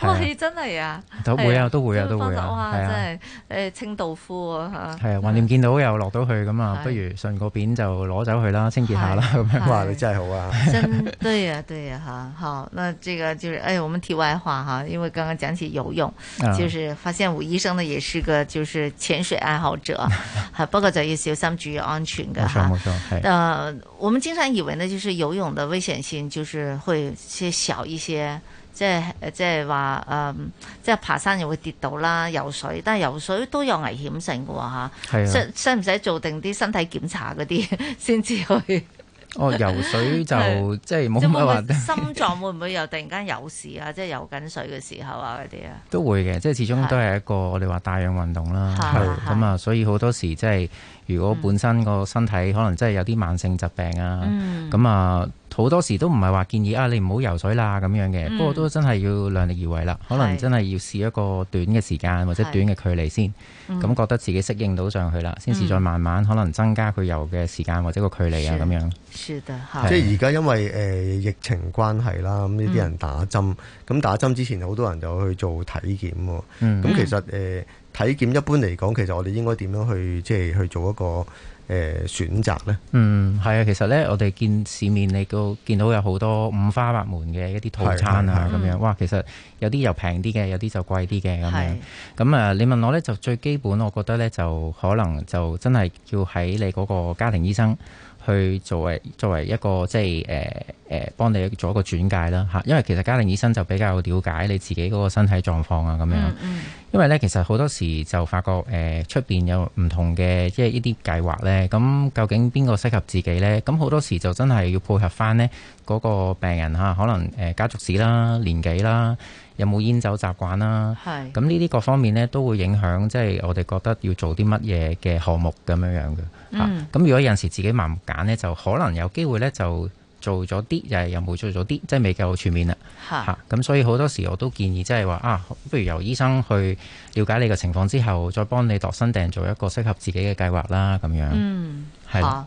哇，真係啊！都會啊，都會啊，都會啊！會啊，真係誒清道夫啊！係啊，橫掂見到又落到去咁啊，不如順個便就攞走去啦，清潔下啦咁樣。哇，的你真係好啊！真 對啊，對啊，哈，好。那這個就是誒、哎，我們題外話哈，因為剛剛講起游泳、啊，就是發現伍醫生呢也是個就是潛水愛好者， 不過就要小心注意安全嘅冇錯冇錯，係、啊。誒，我們經常。啊以為呢，就是游泳的危險性，就是會小一些。即係話，嗯，即爬山又會跌倒啦，游水，但係游水都有危險性嘅喎吓。係啊。使使唔使做定啲身體檢查嗰啲先至可以？ 哦，游水就 即係冇乜話心臟會唔會又突然間有事啊？ 即係游緊水嘅時候啊嗰啲啊，都會嘅，即係始終都係一個我哋話帶氧運動啦。係咁啊，所以好多時即係如果本身個身體可能真係有啲慢性疾病，嗯、啊，咁啊。好多時都唔係話建議啊，你唔好游水啦咁樣嘅、嗯。不過都真係要量力而為啦，可能真係要試一個短嘅時間或者短嘅距離先，咁覺得自己適應到上去啦，先、嗯、至再慢慢可能增加佢游嘅時間或者個距離啊咁樣。是的，即係而家因為誒、呃、疫情關係啦，咁呢啲人打針，咁、嗯、打針之前好多人就去做體檢喎。咁、嗯、其實誒、呃、體檢一般嚟講，其實我哋應該點樣去即係去做一個？誒選擇呢？嗯，係啊，其實呢，我哋見市面你都見到有好多五花八門嘅一啲套餐啊，咁樣，哇，其實有啲又平啲嘅，有啲就貴啲嘅咁樣。咁啊，你問我呢，就最基本，我覺得呢，就可能就真係要喺你嗰個家庭醫生。去作為作為一個即係誒誒幫你做一個轉介啦嚇，因為其實家庭醫生就比較了解你自己嗰個身體狀況啊咁樣。因為咧其實好多時就發覺誒出邊有唔同嘅即係呢啲計劃咧，咁、呃、究竟邊個適合自己咧？咁好多時就真係要配合翻呢嗰個病人嚇，可能誒家族史啦、年紀啦。有冇煙酒習慣啦、啊？係咁呢啲各方面咧都會影響，即係我哋覺得要做啲乜嘢嘅項目咁樣樣嘅。嗯，咁、啊、如果有陣時自己盲目揀咧，就可能有機會咧就做咗啲又係又冇做咗啲，即、就、係、是、未夠全面啦。嚇，咁、啊、所以好多時候我都建議即係話啊，不如由醫生去了解你嘅情況之後，再幫你度身訂做一個適合自己嘅計劃啦，咁樣。嗯，係。啊。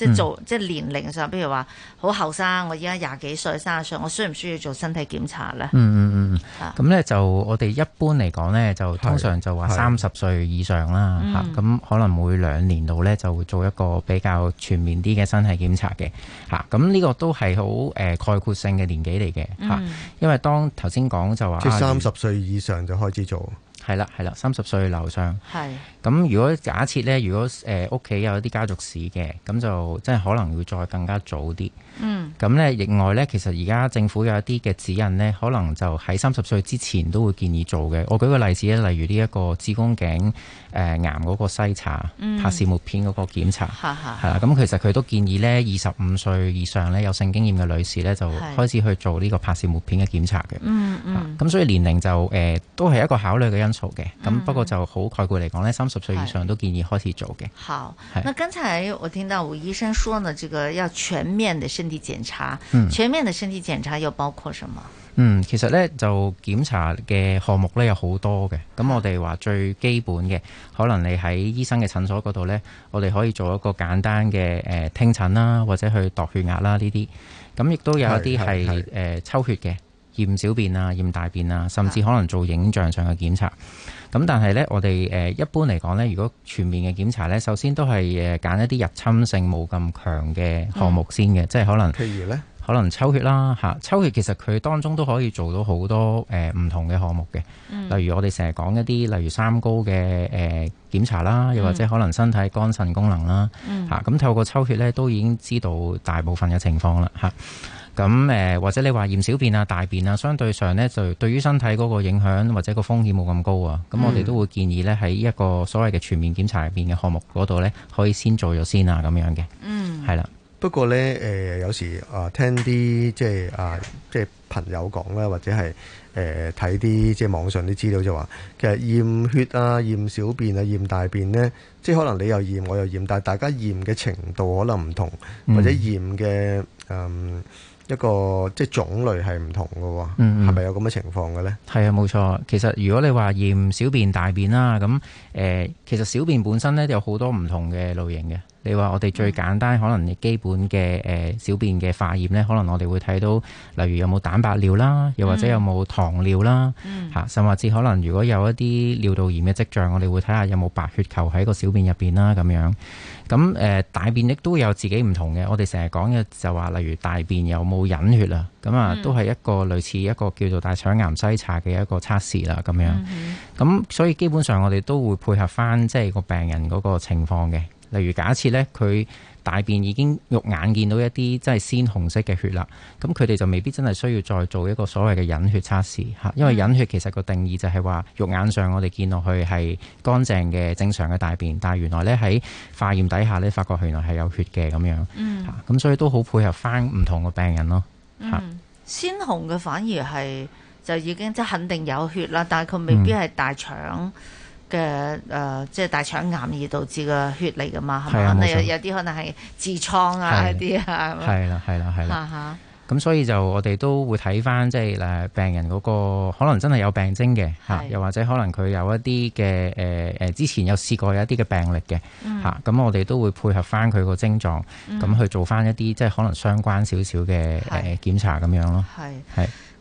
嗯、即係做即係年齡上，譬如話好後生，我依家廿幾歲、三十歲，我需唔需要做身體檢查咧？嗯嗯嗯，咁、嗯、咧、啊、就我哋一般嚟講咧，就通常就話三十歲以上啦，嚇咁、啊嗯、可能每兩年度咧就會做一個比較全面啲嘅身體檢查嘅，嚇咁呢個都係好誒概括性嘅年紀嚟嘅嚇，因為當頭先講就話即三十歲以上就開始做，係啦係啦，三十歲樓上係。咁如果假設咧，如果屋企、呃、有啲家族史嘅，咁就即係可能會再更加早啲。嗯。咁咧，另外咧，其實而家政府有一啲嘅指引咧，可能就喺三十歲之前都會建議做嘅。我舉個例子咧，例如呢、這、一個子宮頸誒、呃、癌嗰個篩、嗯、查，柏氏抹片嗰個檢查。係啦，咁其實佢都建議咧，二十五歲以上咧有性經驗嘅女士咧，就開始去做呢個柏氏抹片嘅檢查嘅。嗯嗯。咁所以年齡就誒、呃、都係一個考慮嘅因素嘅。咁不過就好概括嚟講咧，嗯十歲以上都建議開始做嘅。好，那剛才我聽到伍醫生說呢，這個要全面的身體檢查，嗯，全面的身體檢查又包括什麼？嗯，其實呢，就檢查嘅項目呢，有好多嘅。咁我哋話最基本嘅，可能你喺醫生嘅診所嗰度呢，我哋可以做一個簡單嘅誒、呃、聽診啦，或者去度血壓啦呢啲。咁亦都有一啲係誒抽血嘅，驗小便啊，驗大便啊，甚至可能做影像上嘅檢查。咁但係咧，我哋一般嚟講咧，如果全面嘅檢查咧，首先都係揀一啲入侵性冇咁強嘅項目先嘅、嗯，即係可能譬如咧，可能抽血啦嚇，抽血其實佢當中都可以做到好多呃、唔同嘅項目嘅、嗯，例如我哋成日講一啲，例如三高嘅誒、呃、檢查啦，又或者可能身體肝腎功能啦，嚇、嗯、咁、啊、透過抽血咧都已經知道大部分嘅情況啦嚇。咁誒、呃，或者你話驗小便啊、大便啊，相對上呢，就對，對於身體嗰個影響或者嗰個風險冇咁高啊。咁、嗯、我哋都會建議呢，喺一個所謂嘅全面檢查入邊嘅項目嗰度呢，可以先做咗先啊，咁樣嘅。嗯，係啦。不過呢，誒、呃、有時啊，聽啲即係啊，即係朋友講啦，或者係誒睇啲即係網上啲資料就話，其實驗血啊、驗小便啊、驗大便呢，即係可能你又驗，我又驗，但係大家驗嘅程度可能唔同，或者驗嘅嗯。嗯一個即係種類係唔同喎。嗯、係咪有咁嘅情況嘅咧？係啊，冇錯。其實如果你話驗小便、大便啦，咁誒、呃，其實小便本身咧有好多唔同嘅類型嘅。你話我哋最簡單可能基本嘅、呃、小便嘅化驗咧，可能我哋會睇到，例如有冇蛋白尿啦，又或者有冇糖尿啦、嗯，甚至可能如果有一啲尿道炎嘅跡象，嗯、我哋會睇下有冇白血球喺個小便入邊啦咁樣。咁、呃、大便亦都有自己唔同嘅，我哋成日講嘅就話、是，例如大便有冇隱血啊，咁啊、嗯，都係一個類似一個叫做大腸癌篩查嘅一個測試啦咁樣。咁、嗯、所以基本上我哋都會配合翻即係個病人嗰個情況嘅。例如假設咧，佢大便已經肉眼見到一啲真係鮮紅色嘅血啦，咁佢哋就未必真係需要再做一個所謂嘅隱血測試嚇，因為隱血其實個定義就係話肉眼上我哋見落去係乾淨嘅正常嘅大便，但係原來咧喺化驗底下咧發覺他原來係有血嘅咁樣，嚇、嗯、咁所以都好配合翻唔同嘅病人咯嚇、嗯、鮮紅嘅反而係就已經即係肯定有血啦，但係佢未必係大腸。嗯嘅誒、呃，即係大腸癌而導致嘅血嚟噶嘛，係咪、啊？有啲可能係痔瘡啊啲啊，係啦係啦係啦。嚇！咁、uh-huh. 所以就我哋都會睇翻，即係誒病人嗰、那個可能真係有病徵嘅嚇，又或者可能佢有一啲嘅誒誒之前有試過有一啲嘅病歷嘅嚇，咁、嗯啊、我哋都會配合翻佢個症狀，咁、嗯、去做翻一啲即係可能相關少少嘅誒檢查咁樣咯。係。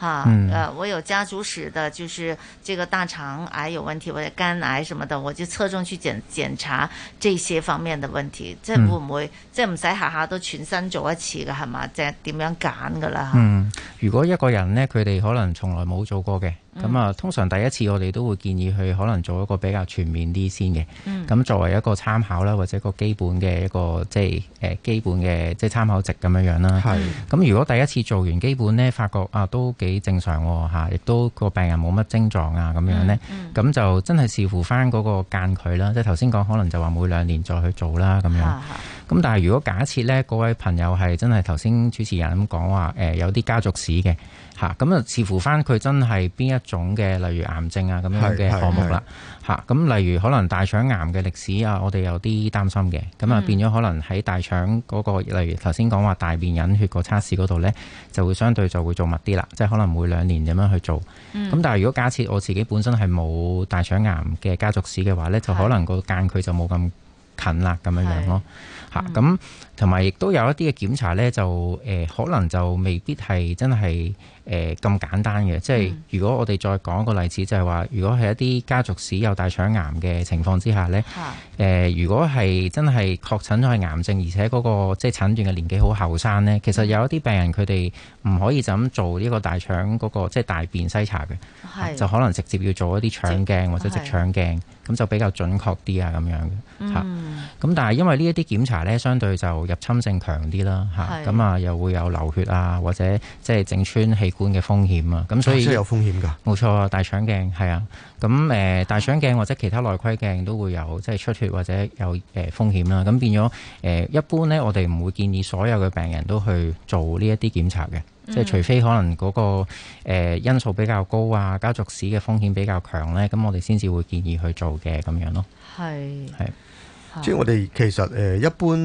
哈、啊，誒、呃，我有家族史的，就是這個大腸癌有問題，或者肝癌什麼的，我就側重去檢檢查這些方面的問題，即係會唔會，即係唔使下下都全身做一次噶，係嘛？即係點樣揀噶啦？嗯，如果一個人咧，佢哋可能從來冇做過嘅。咁、嗯、啊，通常第一次我哋都會建議佢可能做一個比較全面啲先嘅。咁、嗯、作為一個參考啦，或者個基本嘅一個即係誒基本嘅即係參考值咁樣啦。咁如果第一次做完基本咧，發覺啊都幾正常喎、啊、亦都個病人冇乜症狀啊咁樣咧，咁、嗯、就真係視乎翻嗰個間距啦。即係頭先講可能就話每兩年再去做啦咁樣。咁但係如果假設咧，各位朋友係真係頭先主持人咁講話誒，有啲家族史嘅。咁啊，視乎翻佢真係邊一種嘅，例如癌症啊咁樣嘅項目啦。咁例如可能大腸癌嘅歷史啊，我哋有啲擔心嘅，咁啊變咗可能喺大腸嗰、嗰個、嗯，例如頭先講話大便隱血個測試嗰度咧，就會相對就會做密啲啦，即係可能每兩年咁樣去做。咁、嗯、但係如果假設我自己本身係冇大腸癌嘅家族史嘅話咧，就可能個間距就冇咁近啦，咁樣樣咯。咁同埋亦都有一啲嘅檢查咧，就、呃、可能就未必係真係。誒、呃、咁簡單嘅，即係如果我哋再講一個例子，就係、是、話，如果係一啲家族史有大腸癌嘅情況之下呢，誒、呃，如果係真係確診咗係癌症，而且嗰、那個即係、就是、診斷嘅年紀好後生呢，其實有一啲病人佢哋唔可以就咁做呢個大腸嗰、那個即係、就是、大便篩查嘅。是就可能直接要做一啲腸鏡或者直腸鏡，咁是就比較準確啲啊咁樣。嚇、嗯，咁、啊、但係因為呢一啲檢查咧，相對就入侵性強啲啦，嚇是，咁啊又會有流血啊，或者即係整穿器官嘅風險啊，咁所以即係有風險㗎。冇錯，大腸鏡係啊，咁誒、呃、大腸鏡或者其他內窺鏡都會有即係、就是、出血或者有誒風險啦、啊。咁變咗誒、呃、一般咧，我哋唔會建議所有嘅病人都去做呢一啲檢查嘅。即、嗯、係除非可能嗰、嗰個誒、呃、因素比較高啊，家族史嘅風險比較強呢，咁我哋先至會建議去做嘅咁樣咯。係係，即係我哋其實誒、呃、一般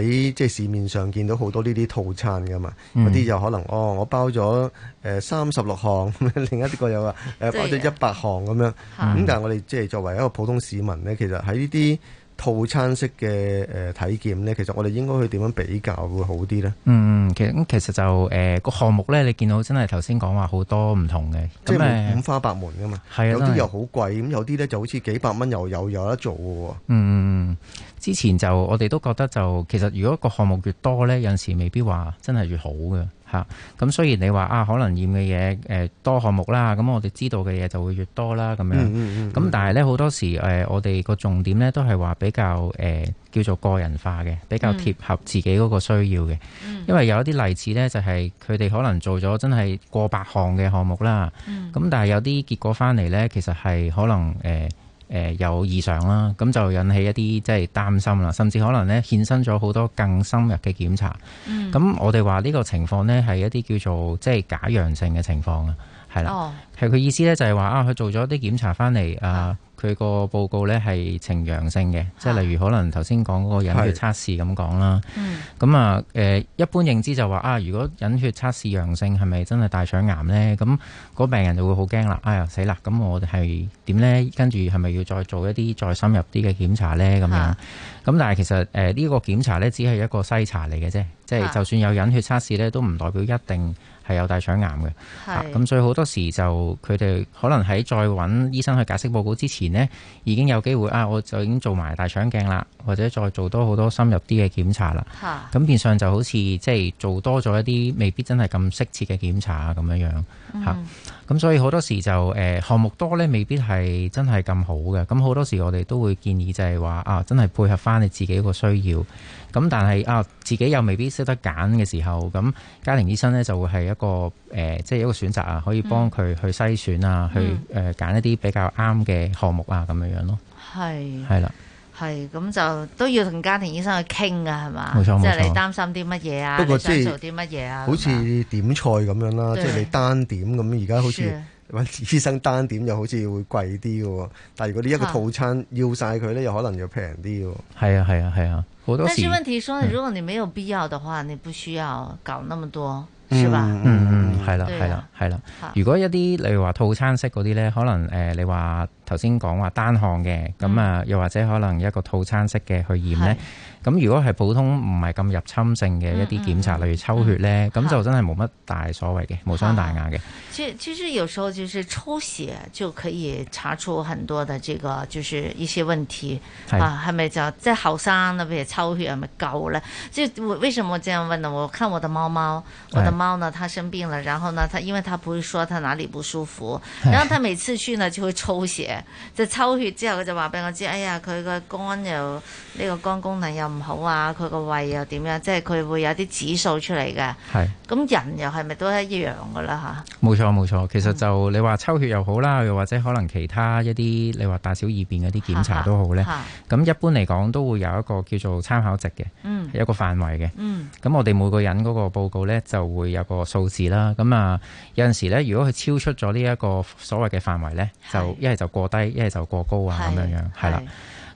喺即係市面上見到好多呢啲套餐嘅嘛，嗰啲就可能、嗯、哦，我包咗誒三十六項， 另一啲個又話誒、呃、包咗一百項咁樣，咁但係我哋即係作為一個普通市民呢，其實喺呢啲。套餐式嘅誒體檢呢，其實我哋應該去點樣比較會好啲呢？嗯，其實其實就誒個、呃、項目呢，你見到真係頭先講話好多唔同嘅，即係五花八門噶嘛。係、嗯、有啲又好貴，咁有啲呢就好似幾百蚊又有有得做喎、哦。嗯，之前就我哋都覺得就其實如果個項目越多呢，有陣時未必話真係越好嘅。嚇、嗯！咁雖然你話啊，可能驗嘅嘢誒多項目啦，咁我哋知道嘅嘢就會越多啦，咁樣。咁、嗯嗯嗯、但係咧好多時誒、呃，我哋個重點咧都係話比較誒、呃、叫做個人化嘅，比較貼合自己嗰個需要嘅、嗯。因為有一啲例子咧，就係佢哋可能做咗真係過百項嘅項目啦，咁、嗯、但係有啲結果翻嚟咧，其實係可能誒。呃誒、呃、有異常啦，咁就引起一啲即係擔心啦，甚至可能咧，衍生咗好多更深入嘅檢查。咁、嗯、我哋話呢個情況呢係一啲叫做即係假陽性嘅情況、哦、啊，係啦。係佢意思呢就係話啊，佢做咗啲檢查翻嚟啊，佢個報告呢係呈陽性嘅，即係例如可能頭先講嗰個隱血測試咁講啦。咁啊誒，一般認知就話啊，如果隱血測試陽性係咪真係大腸癌呢？咁、那、嗰、個、病人就會好驚啦。哎呀死啦！咁我哋係。點咧？跟住係咪要再做一啲再深入啲嘅檢查咧？咁樣咁、啊，但係其實呢、呃這個檢查咧，只係一個篩查嚟嘅啫。即、啊、係就算有隱血測試咧，都唔代表一定係有大腸癌嘅。咁、啊，所以好多時就佢哋可能喺再揾醫生去解釋報告之前呢，已經有機會啊，我就已經做埋大腸鏡啦，或者再做多好多深入啲嘅檢查啦。咁、啊啊、變相就好似即係做多咗一啲未必真係咁適切嘅檢查咁樣、啊嗯咁所以好多時就誒項目多咧，未必係真係咁好嘅。咁好多時我哋都會建議就係話啊，真係配合翻你自己個需要。咁但係啊，自己又未必識得揀嘅時候，咁家庭醫生咧就會係一個誒，即、呃、係、即係、一個選擇啊，可以幫佢去篩選啊，嗯、去誒揀、呃、一啲比較啱嘅項目啊，咁樣樣咯。係係啦。係咁就都要同家庭醫生去傾㗎，係嘛？錯即係你擔心啲乜嘢啊？不過就是、你想做啲乜嘢啊？好似點菜咁樣啦、啊，對即係你單點咁樣。而家好似揾是醫生單點又好似會貴啲嘅喎。但係如果呢一個套餐要晒佢咧，又、啊、可能又平啲嘅喎。係啊係啊係啊！好、啊啊、多時。但係問題係，嗯、如果你沒有必要的話，你不需要搞那麼多。是吧，嗯，嗯嗯，係啦，係啦，係啦。如果一啲例如話套餐式嗰啲呢，可能誒、呃，你話頭先講話單項嘅，咁、嗯、啊，又或者可能一個套餐式嘅去驗呢。咁如果係普通唔係咁入侵性嘅一啲檢查，嗯嗯，例如抽血咧，咁、嗯、就真係冇乜大所謂嘅，無傷大雅嘅。其實其實有時候就是抽血就可以查出很多的這個就是一些問題啊，係咪就即係在後生那邊抽血咪夠咧，就我為什麼我這樣問呢？我看我的貓貓，我的貓呢，它生病了，然後呢，它因為它不會說它哪裏不舒服，然後它每次去呢就會抽血，即抽血之後佢就話俾我知，哎呀佢、個肝又呢個肝功能又。」唔好啊！佢個胃又點樣？即係佢會有啲指數出嚟嘅。係。咁人又係咪都係一樣噶啦？吓。冇錯冇錯，其實就你話抽血又好啦，又或者可能其他一啲你話大小二便嗰啲檢查都好咧。咁、啊啊、一般嚟講都會有一個叫做參考值嘅，嗯、有一個範圍嘅。咁、嗯、我哋每個人嗰個報告咧就會有一個數字啦。咁啊，有陣時咧，如果佢超出咗呢一個所謂嘅範圍咧，就一係就過低，一係就過高啊，咁樣樣係啦。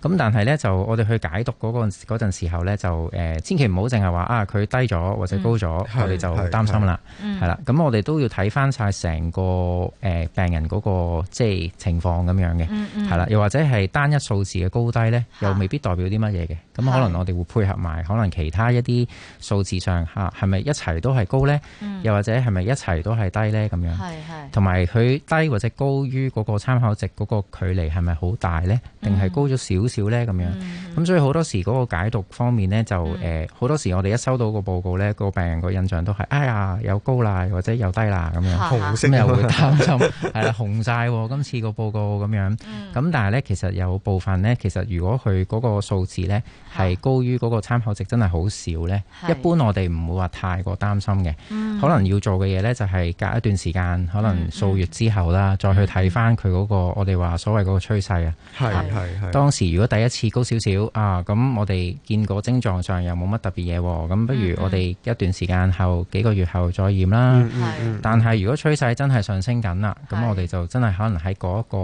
咁但係咧，就我哋去解讀嗰陣時候咧，就誒、呃、千祈唔好淨係話啊，佢低咗或者高咗、嗯，我哋就擔心啦，係啦。咁、嗯、我哋都要睇翻曬成個誒、呃、病人嗰、嗰個即係、就是、情況咁樣嘅，係、嗯、啦、嗯。又或者係單一數字嘅高低咧，又未必代表啲乜嘢嘅。咁、啊、可能我哋會配合埋可能其他一啲數字上嚇，係咪一齊都係高咧、嗯？又或者係咪一齊都係低咧？咁係同埋佢低或者高於嗰個參考值嗰個距離係咪好大咧？定係高咗少？嗯少咧咁樣，咁、嗯、所以好多時嗰個解讀方面咧就誒，好、嗯呃、多時我哋一收到個報告咧，嗰個病人個印象都係哎呀有高啦，或者有低啦咁樣，紅、嗯、色又、嗯、會擔心，係、嗯、啦紅晒、啊，今次個報告咁樣，咁、嗯、但係咧其實有部分咧，其實如果佢嗰個數字咧係高於嗰個參考值真的很，真係好少咧，一般我哋唔會話太過擔心嘅、嗯，可能要做嘅嘢咧就係、是、隔一段時間，可能數月之後啦，嗯、再去睇翻佢嗰個、嗯、我哋話所謂嗰個趨勢啊，係系系，當時如果第一次高少少啊，咁我哋見過症狀上又冇乜特別嘢，咁不如我哋一段時間後幾個月後再驗啦。嗯嗯嗯、但係如果趨勢真係上升緊啦，咁我哋就真係可能喺嗰個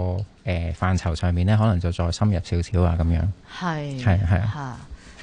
誒範疇上面呢，可能就再深入少少啊，咁樣。係係係。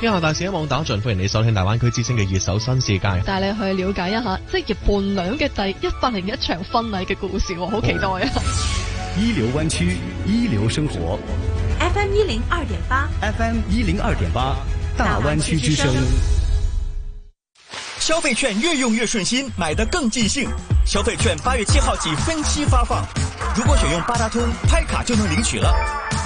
天下大事一網打盡，歡迎你收聽大灣區之聲嘅熱搜新世界。帶你去了解一下職業伴娘嘅第一百零一場婚禮嘅故事，我好期待啊！一、oh. 流灣區，一流生活。FM 一零二點八。FM 一零二點八，大灣區之聲 。消費券越用越順心，買得更盡興。消費券八月七號起分期發放，如果選用八達通拍卡就能領取了。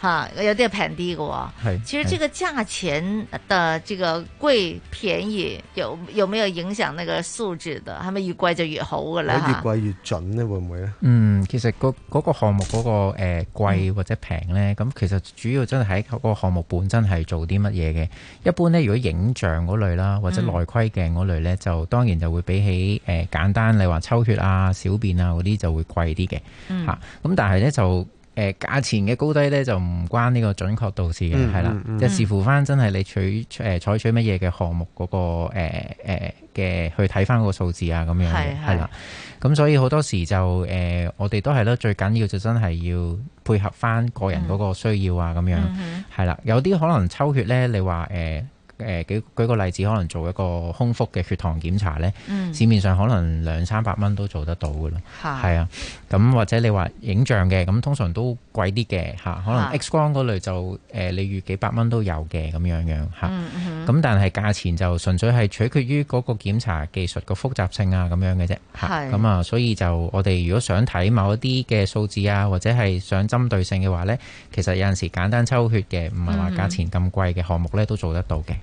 哈，有啲平啲嘅係，其實這個價錢的這個貴便宜有有沒有影響那個素質的？係咪越貴就越好嘅咧？越貴越準咧？會唔會咧？嗯，其實嗰個項目嗰、那個誒、呃、貴或者平咧，咁、嗯、其實主要真係喺個項目本身係做啲乜嘢嘅。一般咧，如果影像嗰類啦，或者內窺鏡嗰類咧，嗯、就當然就會比起誒、呃、簡單，你話抽血啊、小便啊嗰啲就會貴啲嘅。嗯、啊。吓，咁但係呢就。誒、呃、價錢嘅高低咧，就唔關呢個準確度事嘅，係、嗯、啦，即係、嗯嗯、視乎翻真係你取誒、呃、採取乜嘢嘅項目嗰、那個誒嘅、呃呃、去睇翻個數字啊咁樣嘅，係、嗯、啦，咁、嗯、所以好多時就誒、呃，我哋都係咯，最緊要就真係要配合翻個人嗰個需要啊咁、嗯、樣，係、嗯、啦、嗯，有啲可能抽血咧，你話誒。呃誒舉舉個例子，可能做一個空腹嘅血糖檢查呢、嗯，市面上可能兩三百蚊都做得到嘅啦。係啊，咁、嗯、或者你話影像嘅，咁通常都貴啲嘅嚇。可能 X 光嗰類就、呃、你預幾百蚊都有嘅咁樣樣嚇。咁、嗯嗯、但係價錢就純粹係取決於嗰個檢查技術嘅複雜性啊咁樣嘅啫。係咁啊，所以就我哋如果想睇某一啲嘅數字啊，或者係想針對性嘅話呢，其實有陣時簡單抽血嘅，唔係話價錢咁貴嘅項目呢，都做得到嘅。嗯嗯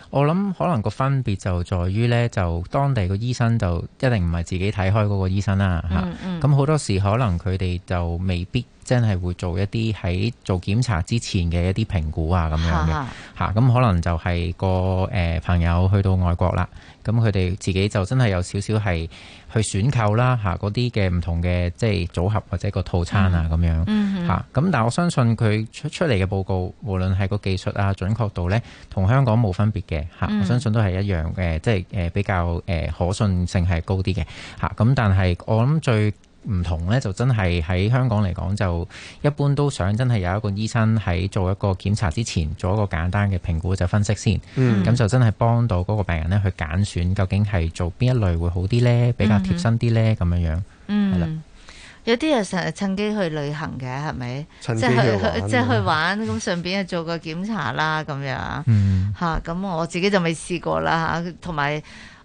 我諗可能個分別就在於呢，就當地個醫生就一定唔係自己睇開嗰個醫生啦吓，咁好、嗯嗯啊、多時可能佢哋就未必真係會做一啲喺做檢查之前嘅一啲評估啊咁樣嘅吓，咁可能就係個、呃、朋友去到外國啦。咁佢哋自己就真係有少少係去選購啦嚇，嗰啲嘅唔同嘅即係組合或者個套餐啊咁樣嚇。咁、嗯嗯嗯、但我相信佢出出嚟嘅報告，無論係個技術啊準確度咧，同香港冇分別嘅嚇、嗯、我相信都係一樣嘅，即係誒比較誒可信性係高啲嘅嚇。咁但係我諗最唔同咧，就真係喺香港嚟講，就一般都想真係有一個醫生喺做一個檢查之前，做一個簡單嘅評估就分析先。嗯，咁就真係幫到嗰個病人咧去揀選，究竟係做邊一類會好啲咧，比較貼身啲咧，咁樣樣。嗯，係啦。嗯，有啲人趁趁機去旅行嘅，係咪？趁機去即係去玩，咁順便又做個檢查啦，咁樣。嗯，吓，咁我自己就未試過啦，吓，同埋。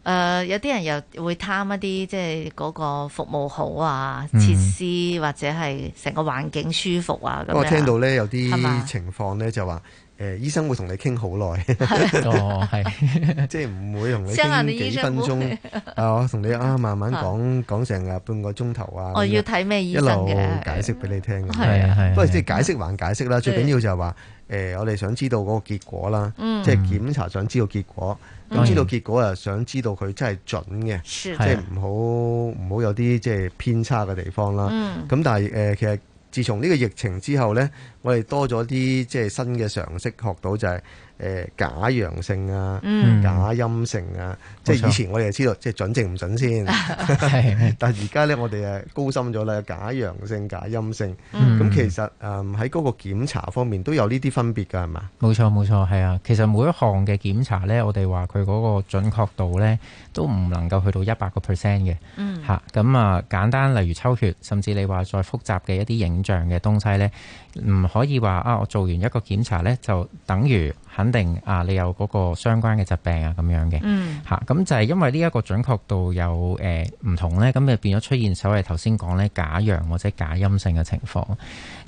誒、呃、有啲人又會貪一啲，即係嗰個服務好啊，設施、嗯、或者係成個環境舒服啊。咁我聽到咧有啲情況咧就話，誒、呃、醫生會同你傾好耐。係啊、 哦，是 即係唔會同你傾幾分鐘啊，同你啱啱慢慢講講成啊半個鐘頭啊。我，啊慢慢 啊 我要睇咩醫生嘅解釋俾你聽。係啊係、啊啊，不過即係解釋還解釋啦、啊，最緊要就係話誒，我哋想知道嗰個結果啦、嗯，即係檢查想知道結果。咁知道結果啊、嗯，想知道佢真係準嘅，即係唔好唔好有啲即係偏差嘅地方啦。咁、嗯、但係誒、其實自從呢個疫情之後咧。我哋多咗啲即係新嘅常識，學到就係、是、誒、呃、假陽性啊、嗯、假陰性啊，即係以前我哋就知道即係準正唔準先， 但係而家咧我哋誒高深咗啦，假陽性、假陰性，咁、嗯、其實誒喺嗰個檢查方面都有呢啲分別㗎，係嘛？冇錯冇錯，係啊！其實每一項嘅檢查咧，我哋話佢嗰個準確度咧，都唔能夠去到一百個 percent 嘅，嚇咁、嗯、啊！簡單例如抽血，甚至你話再複雜嘅一啲影像嘅東西咧，唔、嗯。可以話啊，我做完一個檢查咧，就等於肯定啊，你有嗰個相關嘅疾病啊，咁樣嘅。嗯。嚇、嗯，咁就係、是、因為呢一個準確度有誒唔、呃、同咧，咁就變咗出現所謂頭先講咧假陽或者假陰性嘅情況。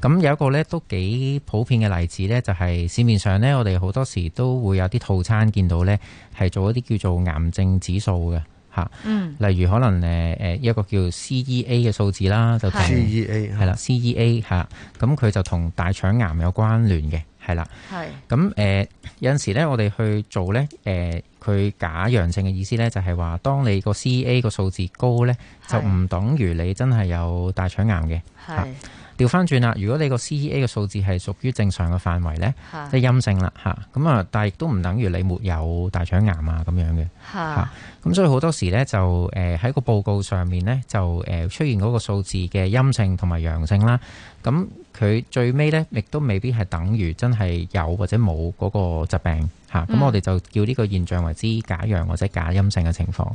咁有一個咧都幾普遍嘅例子咧，就係、是、市面上咧，我哋好多時都會有啲套餐見到咧，係做一啲叫做癌症指數嘅。嚇，例如可能誒誒、嗯呃、一個叫 C E A 嘅數字啦，就同係啦 C E A 嚇，咁佢就同大腸癌有關聯嘅，係啦。係，咁、嗯、誒、呃、有陣時咧，我哋去做咧誒，佢、呃、假陽性嘅意思咧，就係話，當你個 C E A 個數字高咧，就唔等於你真係有大腸癌嘅。係。調翻轉啦，如果你個 CEA 嘅數字係屬於正常嘅範圍呢，即係陰性啦吓，咁啊，但亦都唔等於你沒有大腸癌啊咁樣嘅吓，咁所以好多時呢，就喺個報告上面呢，就出現嗰個數字嘅陰性同埋陽性啦，咁佢最尾呢，亦都未必係等於真係有或者冇嗰個疾病。吓、嗯，咁我哋就叫呢個現象為之假陽或者假陰性嘅情況，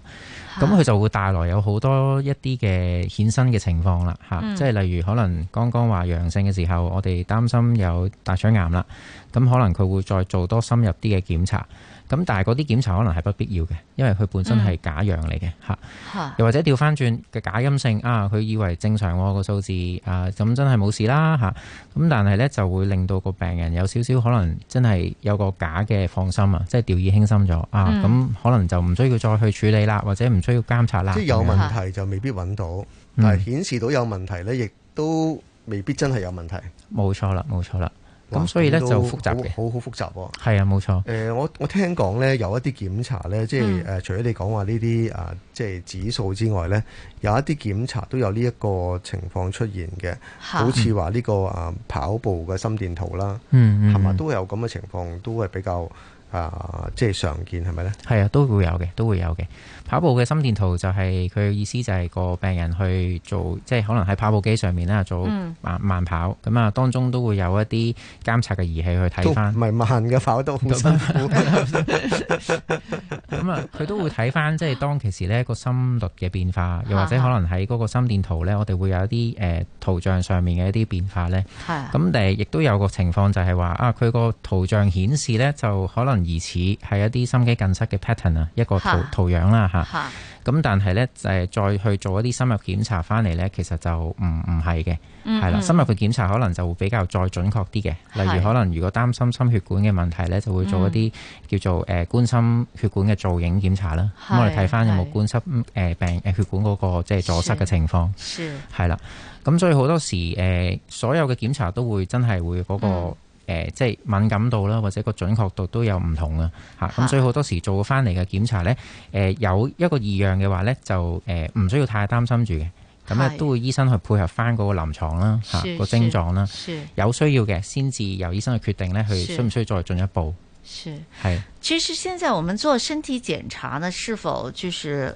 咁佢就會帶來有好多一啲嘅衍生嘅情況啦，吓、嗯，即係例如可能剛剛話陽性嘅時候，我哋擔心有大腸癌啦，咁可能佢會再做多深入啲嘅檢查。咁但係嗰啲檢查可能係不必要嘅，因為佢本身係假陽嚟嘅吓，又或者調翻轉嘅假陰性啊，佢以為正常喎個數字啊，咁真係冇事啦吓。咁但係呢就會令到個病人有少少可能真係有個假嘅放心啊，即係掉以輕心咗啊。咁、嗯啊、可能就唔需要再去處理啦，或者唔需要監察啦。即係有問題就未必揾到，嗯、但係顯示到有問題呢，亦都未必真係有問題。冇錯啦，冇錯啦。咁所以咧就複雜，好好複雜。係啊，冇錯。誒、呃，我我聽講咧有一啲檢查咧，即係誒、嗯，除咗你講話呢啲啊，即係指數之外咧，有一啲檢查都有呢一個情況出現嘅，好似話呢個啊跑步嘅心電圖啦，嗯嗯，係咪都有咁嘅情況，都係比較啊，即係常見，係咪咧？係啊，都會有嘅，都會有嘅。跑步嘅心電圖就係、是、佢意思就係個病人去做，即係可能喺跑步機上面咧做慢、嗯、慢跑，咁啊當中都會有一啲監察嘅儀器去睇翻。唔係慢嘅跑都好辛苦。咁啊，佢 都會睇翻，即係當其時咧個心率嘅變化，又或者可能喺嗰個心電圖咧，我哋會有一啲誒圖像上面嘅一啲變化咧。係咁誒，亦都有個情況就係話啊，佢個圖像顯示咧就可能疑似係一啲心肌梗塞嘅 pattern 啊，一個圖、啊、圖樣啦吓。吓，咁但係咧，就再去做一啲深入檢查翻嚟咧，其實就唔唔係嘅，係啦，深入嘅檢查可能就會比較再準確啲嘅，例如可能如果擔心心血管嘅問題咧，就會做一啲叫做誒冠、嗯、心血管嘅造影檢查啦，咁、嗯、我哋睇翻有冇冠心誒病誒、呃、血管嗰個即係阻塞嘅情況，係啦，咁所以好多時誒、呃、所有嘅檢查都會真係會嗰、嗰個。嗯誒、呃，即係敏感度啦，或者個準確度都有唔同啊！吓，咁所以好多時做翻嚟嘅檢查咧，誒、呃，有一個異樣嘅話咧，就誒唔、呃、需要太擔心住嘅，咁咧都會醫生去配合翻嗰個臨床啦，吓、啊、個症狀啦，有需要嘅先至由醫生去決定咧，佢需唔需要再進一步。係，其實現在我們做身體檢查呢，是否就是？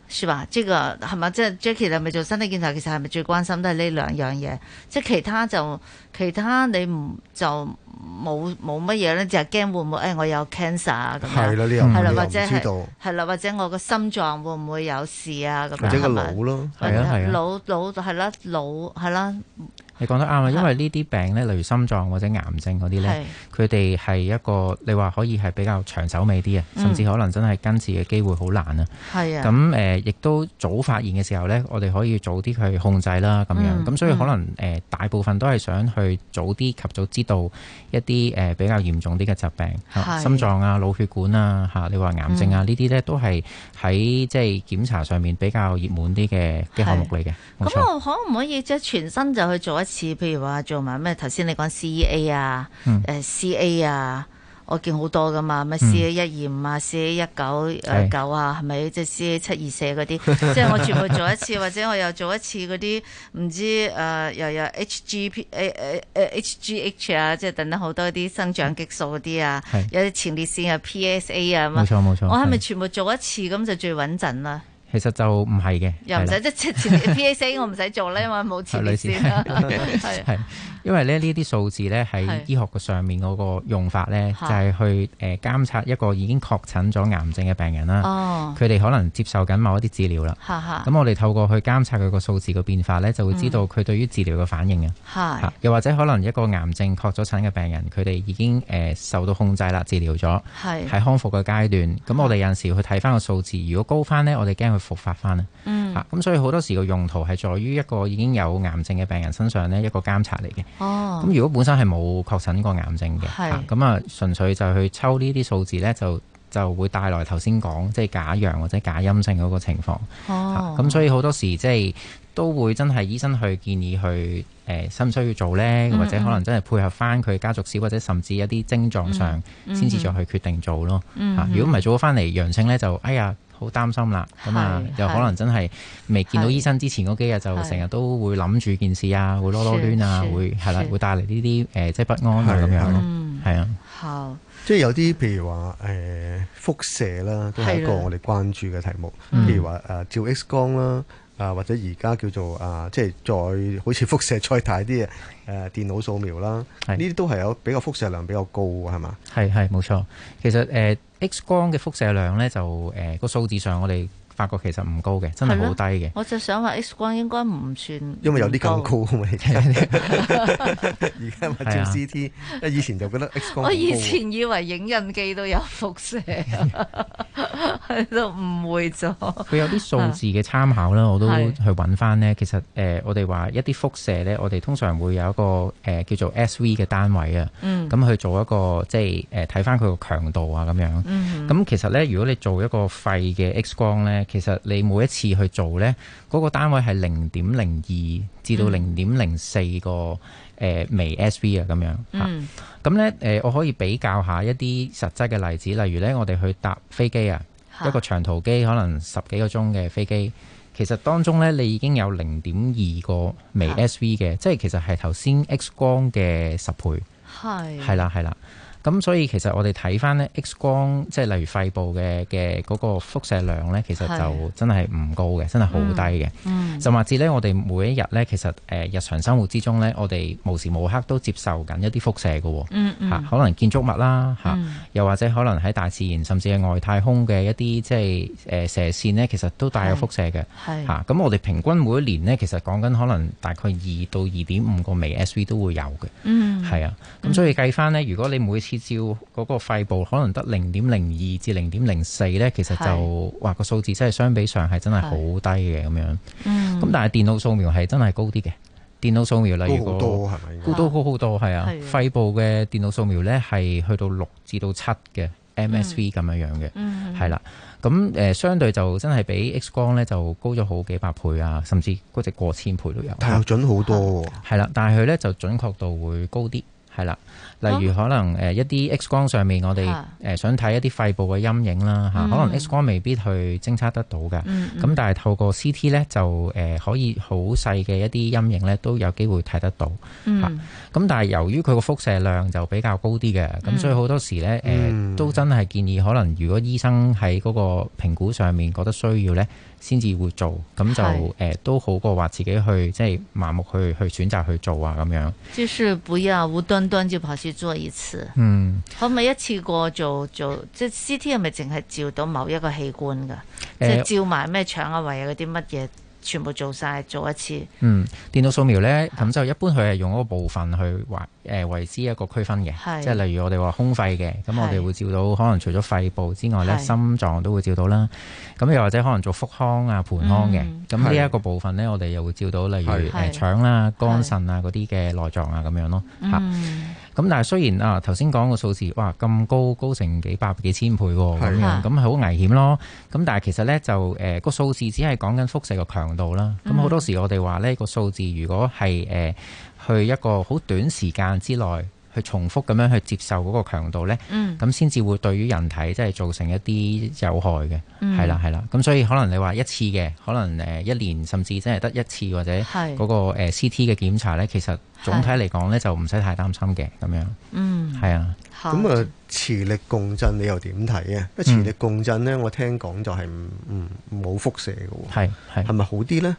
是吧，這個、是吧？即個係咪即係 Jackie？你係咪做身體檢查？其實係咪最關心的都係呢兩樣嘢？即其他就其他你唔就冇冇乜嘢咧？就係驚會唔會、哎、我有 cancer 啊咁樣？係、嗯、啦，呢樣係啦，或者係係啦，或者我個心臟會唔會有事啊？或者個腦咯，係啊係啊，腦腦係啦，腦係啦。你講得啱啊，因為呢啲病咧，例如心臟或者癌症嗰啲咧，佢哋係一個你話可以係比較長手尾啲啊，甚至可能真係根治嘅機會好難啊。係啊，咁、呃、亦都早發現嘅時候咧，我哋可以早啲去控制啦，咁樣。咁、嗯、所以可能、呃、大部分都係想去早啲及早知道一啲、呃、比較嚴重啲嘅疾病，啊，心臟啊、腦血管啊、你話癌症啊呢啲咧都係喺即係檢查上面比較熱門啲嘅嘅項目嚟嘅。咁我可唔可以即全身就去做一次？似譬如話做埋咩頭先你講 C E A 啊，誒、嗯欸、C A 啊，我見好多㗎嘛，咩 C A 一二五啊，C A 一九誒九啊，係、嗯、咪、呃啊就是、 即係 C A 七二四嗰啲？即係我全部做一次，或者我又做一次嗰啲唔知誒、呃，又有 H G P A 誒 H G H 啊，即係等等好多啲生長激素嗰啲啊，有啲前列腺啊 P S A 啊，冇錯冇錯，我係咪全部做一次咁就最穩陣啦？其實就唔係嘅，又唔使即即 PSA 我唔使做啦，因為冇前列腺啦。係。 因為咧，呢啲數字咧，喺醫學嘅上面嗰個用法咧，就係、是、去誒、呃、監察一個已經確診咗癌症嘅病人啦。哦，佢哋可能接受緊某一啲治療啦。咁我哋透過去監察佢個數字嘅變化咧，就會知道佢對於治療嘅反應、嗯、啊。又或者可能一個癌症確診嘅病人，佢哋已經誒、呃、受到控制啦，治療咗，喺康復嘅階段。咁我哋有陣時去睇翻個數字，如果高翻呢，我哋驚佢復發翻啦咁、嗯啊、所以好多時個用途係在於一個已經有癌症嘅病人身上呢一個監察嚟嘅。哦，咁如果本身係冇確診過癌症嘅，係，咁啊純粹就去抽呢啲數字咧，就就會帶來頭先講即係假陽或者假陰性嗰個情況。哦，咁所以好多時即係。就是都會真係醫生去建議去誒，需、呃、唔需要做呢，嗯嗯或者可能真係配合翻佢家族史，或者甚至一啲症狀上，先至再去決定做咯。嚇、嗯嗯啊，如果唔係做咗翻嚟陽性呢，就哎呀好擔心啦。咁、嗯嗯、啊，又、嗯嗯、可能真係未見到醫生之前嗰幾日，嗯嗯就成日都會諗住件事啊，會囉囉攣啊，是是是會係啦，會帶嚟呢啲誒即係不安啊咁樣。係、嗯、啊即，即係有啲譬如話誒、呃、輻射啦，都係一個我哋關注嘅題目。譬、嗯、如話誒照 X 光啦。啊，或者而家叫做啊、呃，即係再好似輻射再大啲嘅，誒、呃、電腦掃描啦，係呢啲都係有比較輻射量比較高嘅，係嘛？係係冇錯，其實誒、呃、X 光嘅輻射量咧就誒個數字上，我哋發覺其實唔高嘅，真係好低嘅。我就想話 X 光應該唔算不，因為有啲咁高啊嘛！而家咪照 CT， 以前就覺得 X 光不。我以前以為影印機都有輻射，係 都誤會咗。佢 有啲數字嘅參考啦，我都去揾翻呢。其實誒，我哋話一啲輻射咧，我哋通常會有一個誒叫做 SV 嘅單位啊。嗯。咁去做一個即係誒睇翻佢個強度啊咁樣。嗯，嗯。咁其實咧，如果你做一個肺嘅 X 光咧。其實你每一次去做呢，嗰、那個單位係零點零二至到零點零四個誒微 Sv 啊，咁樣。嗯。咁咧，誒，我可以比較一下一啲實際嘅例子，例如呢，我哋去搭飛機啊，一個長途機可能十幾個鐘嘅飛機，其實當中呢，你已經有零點二個微 Sv 嘅，啊、即係其實係頭先 X 光嘅十倍。係。係啦，係啦。咁所以其實我哋睇翻咧 X 光，即係例如肺部嘅嘅個輻射量咧，其實就真係唔高嘅，真係好低嘅。嗯，甚至咧我哋每一日咧，其實誒日常生活之中咧，我哋無時無刻都接受緊一啲輻射嘅。嗯嗯。嚇，可能建築物啦，吓、嗯，又或者可能喺大自然甚至係外太空嘅一啲即係誒射線咧，其實都帶有輻射嘅。係。嚇，咁我哋平均每一年咧，其實講緊可能大概二到二點五個微 Sv 都會有嘅。嗯。係啊，咁所以計翻咧，如果你每次照嗰個肺部可能得零點零二至零點零四咧，其實就話個數字真係相比上係真係好低嘅咁樣。咁、嗯、但係電腦掃描係真係高啲嘅。電腦掃描例如個高多係咪？高多高好多係啊！肺部嘅電腦掃描咧係去到六至到七嘅 MSV 咁樣樣嘅，係、嗯、啦。咁誒、呃、相對就真係比 X 光咧就高咗好幾百倍啊，甚至嗰隻過千倍都有。但係準好多，係啦。但係佢咧就準確度會高啲，係啦。例如可能誒一啲 X 光上面我哋誒想睇一啲肺部嘅陰影啦、嗯、可能 X 光未必去偵測得到嘅，咁、嗯嗯、但係透過 CT 咧就誒可以好細嘅一啲陰影咧都有機會睇得到吓咁、嗯、但係由於佢個輻射量就比較高啲嘅，咁、嗯、所以好多時咧誒都真係建議可能如果醫生喺嗰個評估上面覺得需要咧。先至會做，咁就誒是、呃、都好過話自己去即係盲目去去選擇去做啊咁樣。就是不要無端端就跑去做一次。嗯，可唔可以一次過做做、做？即係 CT 係咪淨係照到某一個器官噶？即係照埋咩腸啊、胃啊嗰啲乜嘢？全部做晒，做一次。嗯，電腦掃描呢。咁就一般佢係用一個部分去，或、呃、誒為之一個區分嘅。即係例如我哋話胸肺嘅，咁我哋會照到可能除咗肺部之外呢，心臟都會照到啦。咁又或者可能做腹腔啊、盆腔嘅，咁呢一個部分呢，我哋又會照到，例如誒、呃、腸啦、啊、肝腎啊嗰啲嘅內臟啊咁樣咯。吓、嗯。咁但係雖然啊頭先講個數字，哇，咁高，高成幾百幾千倍喎，咁、啊、樣咁係好危險咯。咁但係其實咧就誒個數字只係講緊輻射個強度啦。咁好、啊、多時我哋話呢個數字如果係誒、呃、去一個好短時間之內。去重複咁樣去接受嗰個強度呢，咁先至會對於人體真係造成一啲有害嘅，係啦係啦。咁所以可能你話一次嘅，可能一年甚至真係得一次或者嗰個 CT 嘅檢查呢，其實總體嚟講呢，就唔使太擔心嘅咁樣，係、嗯、啊。咁啊，磁力共振你又點睇啊？磁力共振咧，我聽講就係唔唔冇輻射嘅喎，係係咪好啲咧？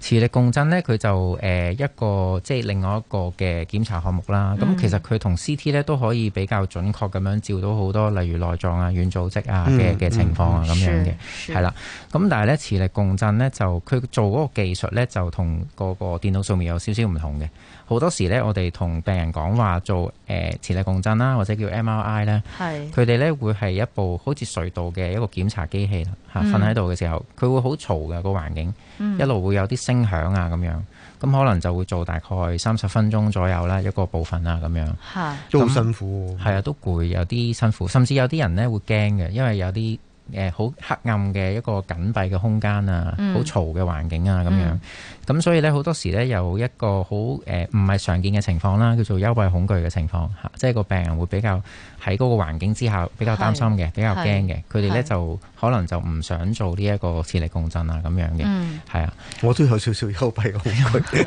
磁力共振咧，佢就誒一個即係、就是、另外一個嘅檢查項目啦。咁、嗯、其實佢同 CT 咧都可以比較準確咁樣照到好多，例如內臟啊、軟組織啊嘅嘅、嗯、情況啊咁樣嘅，係、嗯、啦。咁但係咧，磁力共振咧就佢做嗰個技術咧就同嗰個電腦掃描有少少唔同嘅。好多時咧，我哋同病人講話做誒、呃、磁力共振啦，或者叫 M R I 咧，佢哋咧會係一部好似隧道嘅一個檢查機器嚇，瞓喺度嘅時候，佢會好嘈嘅個環境、嗯，一路會有啲聲響啊咁樣，咁可能就會做大概三十分鐘左右啦，一個部分啊咁樣，都好辛苦，係啊，都攰，有啲辛苦，甚至有啲人咧會驚嘅，因為有啲誒好黑暗嘅一個緊閉嘅空間啊，好嘈嘅環境啊咁樣。嗯嗯。咁所以咧，好多時咧有一個好誒唔係常見嘅情況啦，叫做幽閉恐懼嘅情況吓，即係個病人會比較喺嗰個環境之下比較擔心嘅，比較驚嘅，佢哋咧就可能就唔想做呢一個磁力共振啊咁樣嘅，係、嗯、啊，我都有少少幽閉恐懼嘅，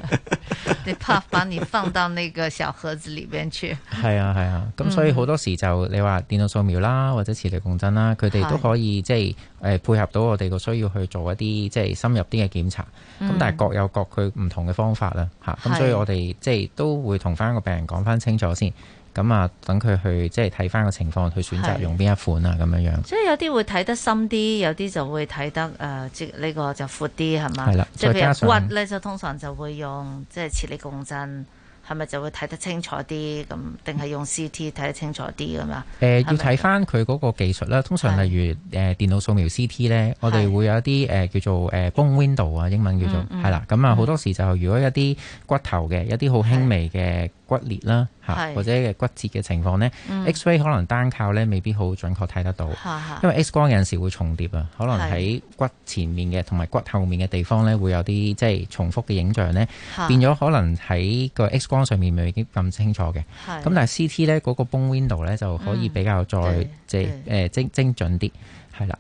你怕把你放到那個小盒子裏邊去，係啊係啊，咁所以好多時就你話電腦掃描啦或者磁力共振啦，佢哋都可以即係誒配合到我哋個需要去做一啲即係深入啲嘅檢查，咁、嗯、但係各有。各佢唔同嘅方法啦，吓咁，啊、所以我哋即係都會同翻個病人講翻清楚先，咁啊，等佢去即係睇翻個情況，去選擇用邊一款啊，咁樣樣。即係有啲會睇得深啲，有啲就會睇得誒、呃這個，即呢個就闊啲，係嘛？係啦，即係譬如骨咧，就通常就會用即係磁力共振。係咪就會睇得清楚啲咁？定係用 CT 睇得清楚啲咁啊？誒，要睇翻佢嗰個技術啦。通常例如誒電腦掃描 CT 咧，我哋會有一啲誒叫做誒 bone window 啊，英文叫做係啦。咁啊，好多時就如果有一啲骨頭嘅一啲好輕微嘅。骨裂啦，嚇或者骨折嘅情況咧、嗯、，X ray 可能單靠咧未必好準確睇得到，因為 X 光有陣時會重疊啊，可能喺骨前面嘅同埋骨後面嘅地方咧會有啲即係重複嘅影像咧，變咗可能喺個 X 光上面未必咁清楚嘅，咁但係 CT 咧嗰個 bone window 咧就可以比較再即係誒精精準啲，係啦。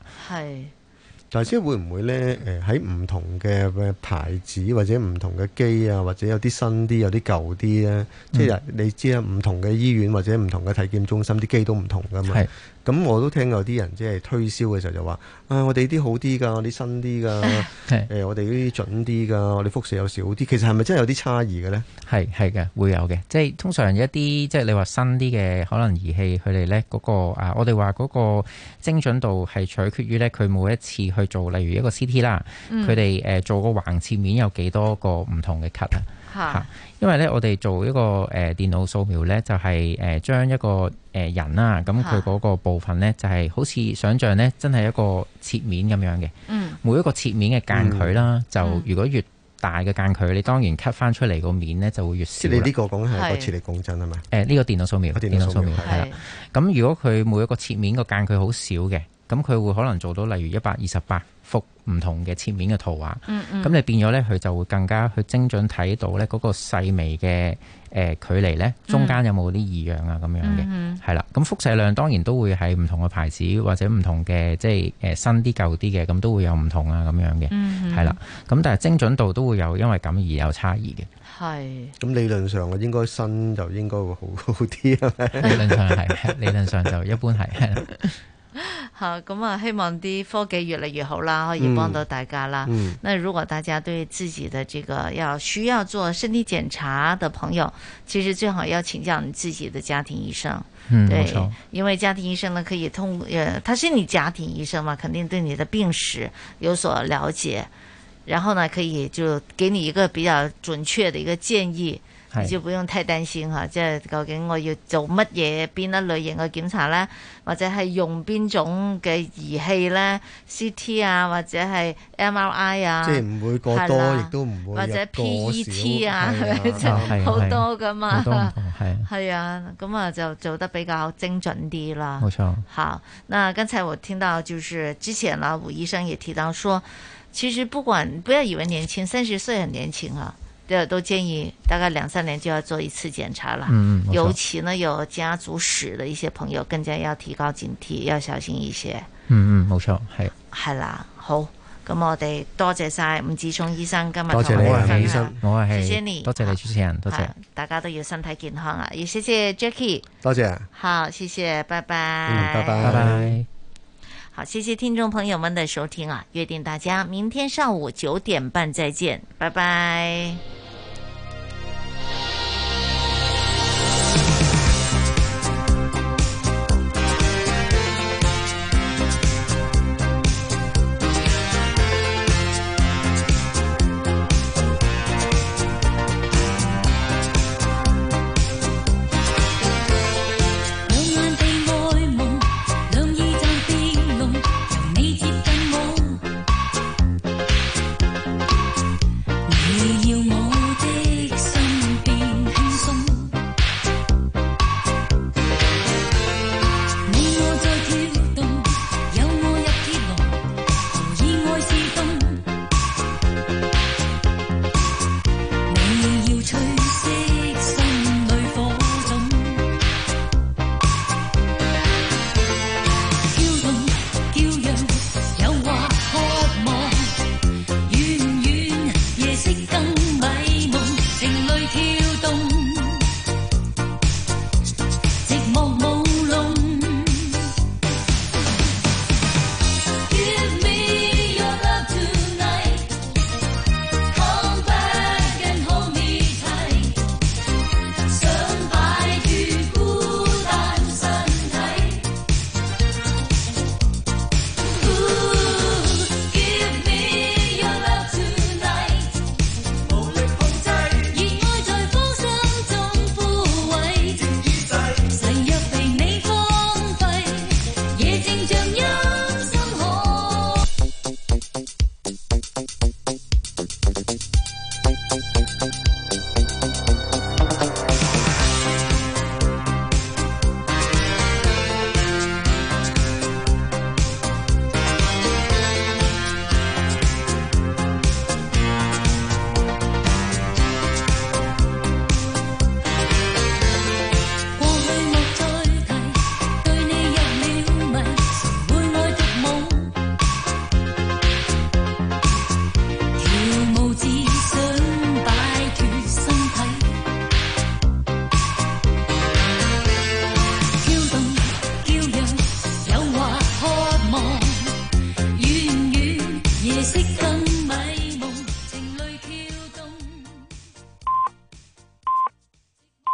但係即係會唔會咧？誒喺唔同嘅嘅牌子或者唔同嘅機啊，或者有啲新啲，有啲舊啲咧？即係、嗯、你知啦，唔同嘅醫院或者唔同嘅體檢中心啲機都唔同噶嘛。咁我都聽過有啲人即係推銷嘅時候就話：啊、哎，我哋啲好啲噶，我哋新啲噶，誒 呃，我哋啲準啲噶，我哋輻射有少啲。其實係咪真係有啲差異嘅咧？係係嘅，會有嘅。即係通常一啲即係你話新啲嘅可能儀器，佢哋咧嗰個啊，我哋話嗰個精準度係取決於咧佢每一次去做，例如一個 CT 啦，佢哋誒做個橫切面有幾多個唔同嘅 cut 啊？吓，因為咧我哋做一個誒電腦掃描咧，就係誒將一個誒人啦，咁佢嗰個部分咧就係好似想象咧，真係一個切面咁樣嘅。嗯，每一個切面嘅間距啦、嗯，就如果越大嘅間距，你當然 cut 翻出嚟個面咧就會越少。你呢個講係個磁力共振係嘛？誒、呢、欸，這個電腦掃描，電腦掃描係啦。咁如果佢每一個切面個間距好少嘅。咁佢會可能做到例如一百二十八幅唔同嘅切面嘅圖畫，咁、嗯、你、嗯、變咗咧，佢就會更加去精準睇到咧嗰個細微嘅誒距離咧，中間有冇啲異樣啊咁樣嘅，係、嗯、啦。咁、嗯、輻射量當然都會喺唔同嘅牌子或者唔同嘅即係誒新啲舊啲嘅，咁都會有唔同啊咁樣嘅，係、嗯、啦。咁、嗯、但係精準度都會有因為咁而有差異嘅。係。咁理論上嘅應該新就應該會好好啲啦。 理論上係， 理論上就一般係。 好咁啊！希望啲科技越嚟越好啦，可以幫到大家啦。嗯，那如果大家對自己的這個要需要做身體檢查的朋友，其實最好要請教你自己的家庭醫生。嗯，對，因為家庭醫生呢，可以通，呃，他是你家庭醫生嘛，肯定對你的病史有所了解，然後呢，可以就給你一個比較準確的一個建議。你就不用太擔心，嚇，即係究竟我要做乜嘢？邊一類型嘅檢查咧？或者係用邊種嘅儀器咧？CT 啊，或者係 MRI 啊，即係唔會過多，亦啦都唔會或者 PET 啊，係咪、啊啊、 即係好多噶嘛？係啊，咁啊，啊，啊，啊就做得比較精準啲啦。冇錯。好，那剛才我聽到就是之前啦，伍醫生也提到說，其實不管不要以為年輕，三十歲很年輕啊。 都建議大概兩三年就要做一次檢查啦，嗯，尤其呢有家族史的一些朋友更加要提高警惕，要小心一些。嗯嗯，冇錯，係係啦，好，咁我哋多謝晒伍子聰醫生今日同我分享，我係多謝你，主持人，多謝，多謝，多謝，多謝，多謝大家都要身體健康啊！也謝謝 Jackie 多謝，好，謝謝拜拜，嗯，拜拜，拜拜，好，謝謝聽眾朋友們的收聽啊！約定大家明天上午九點半再見，拜拜。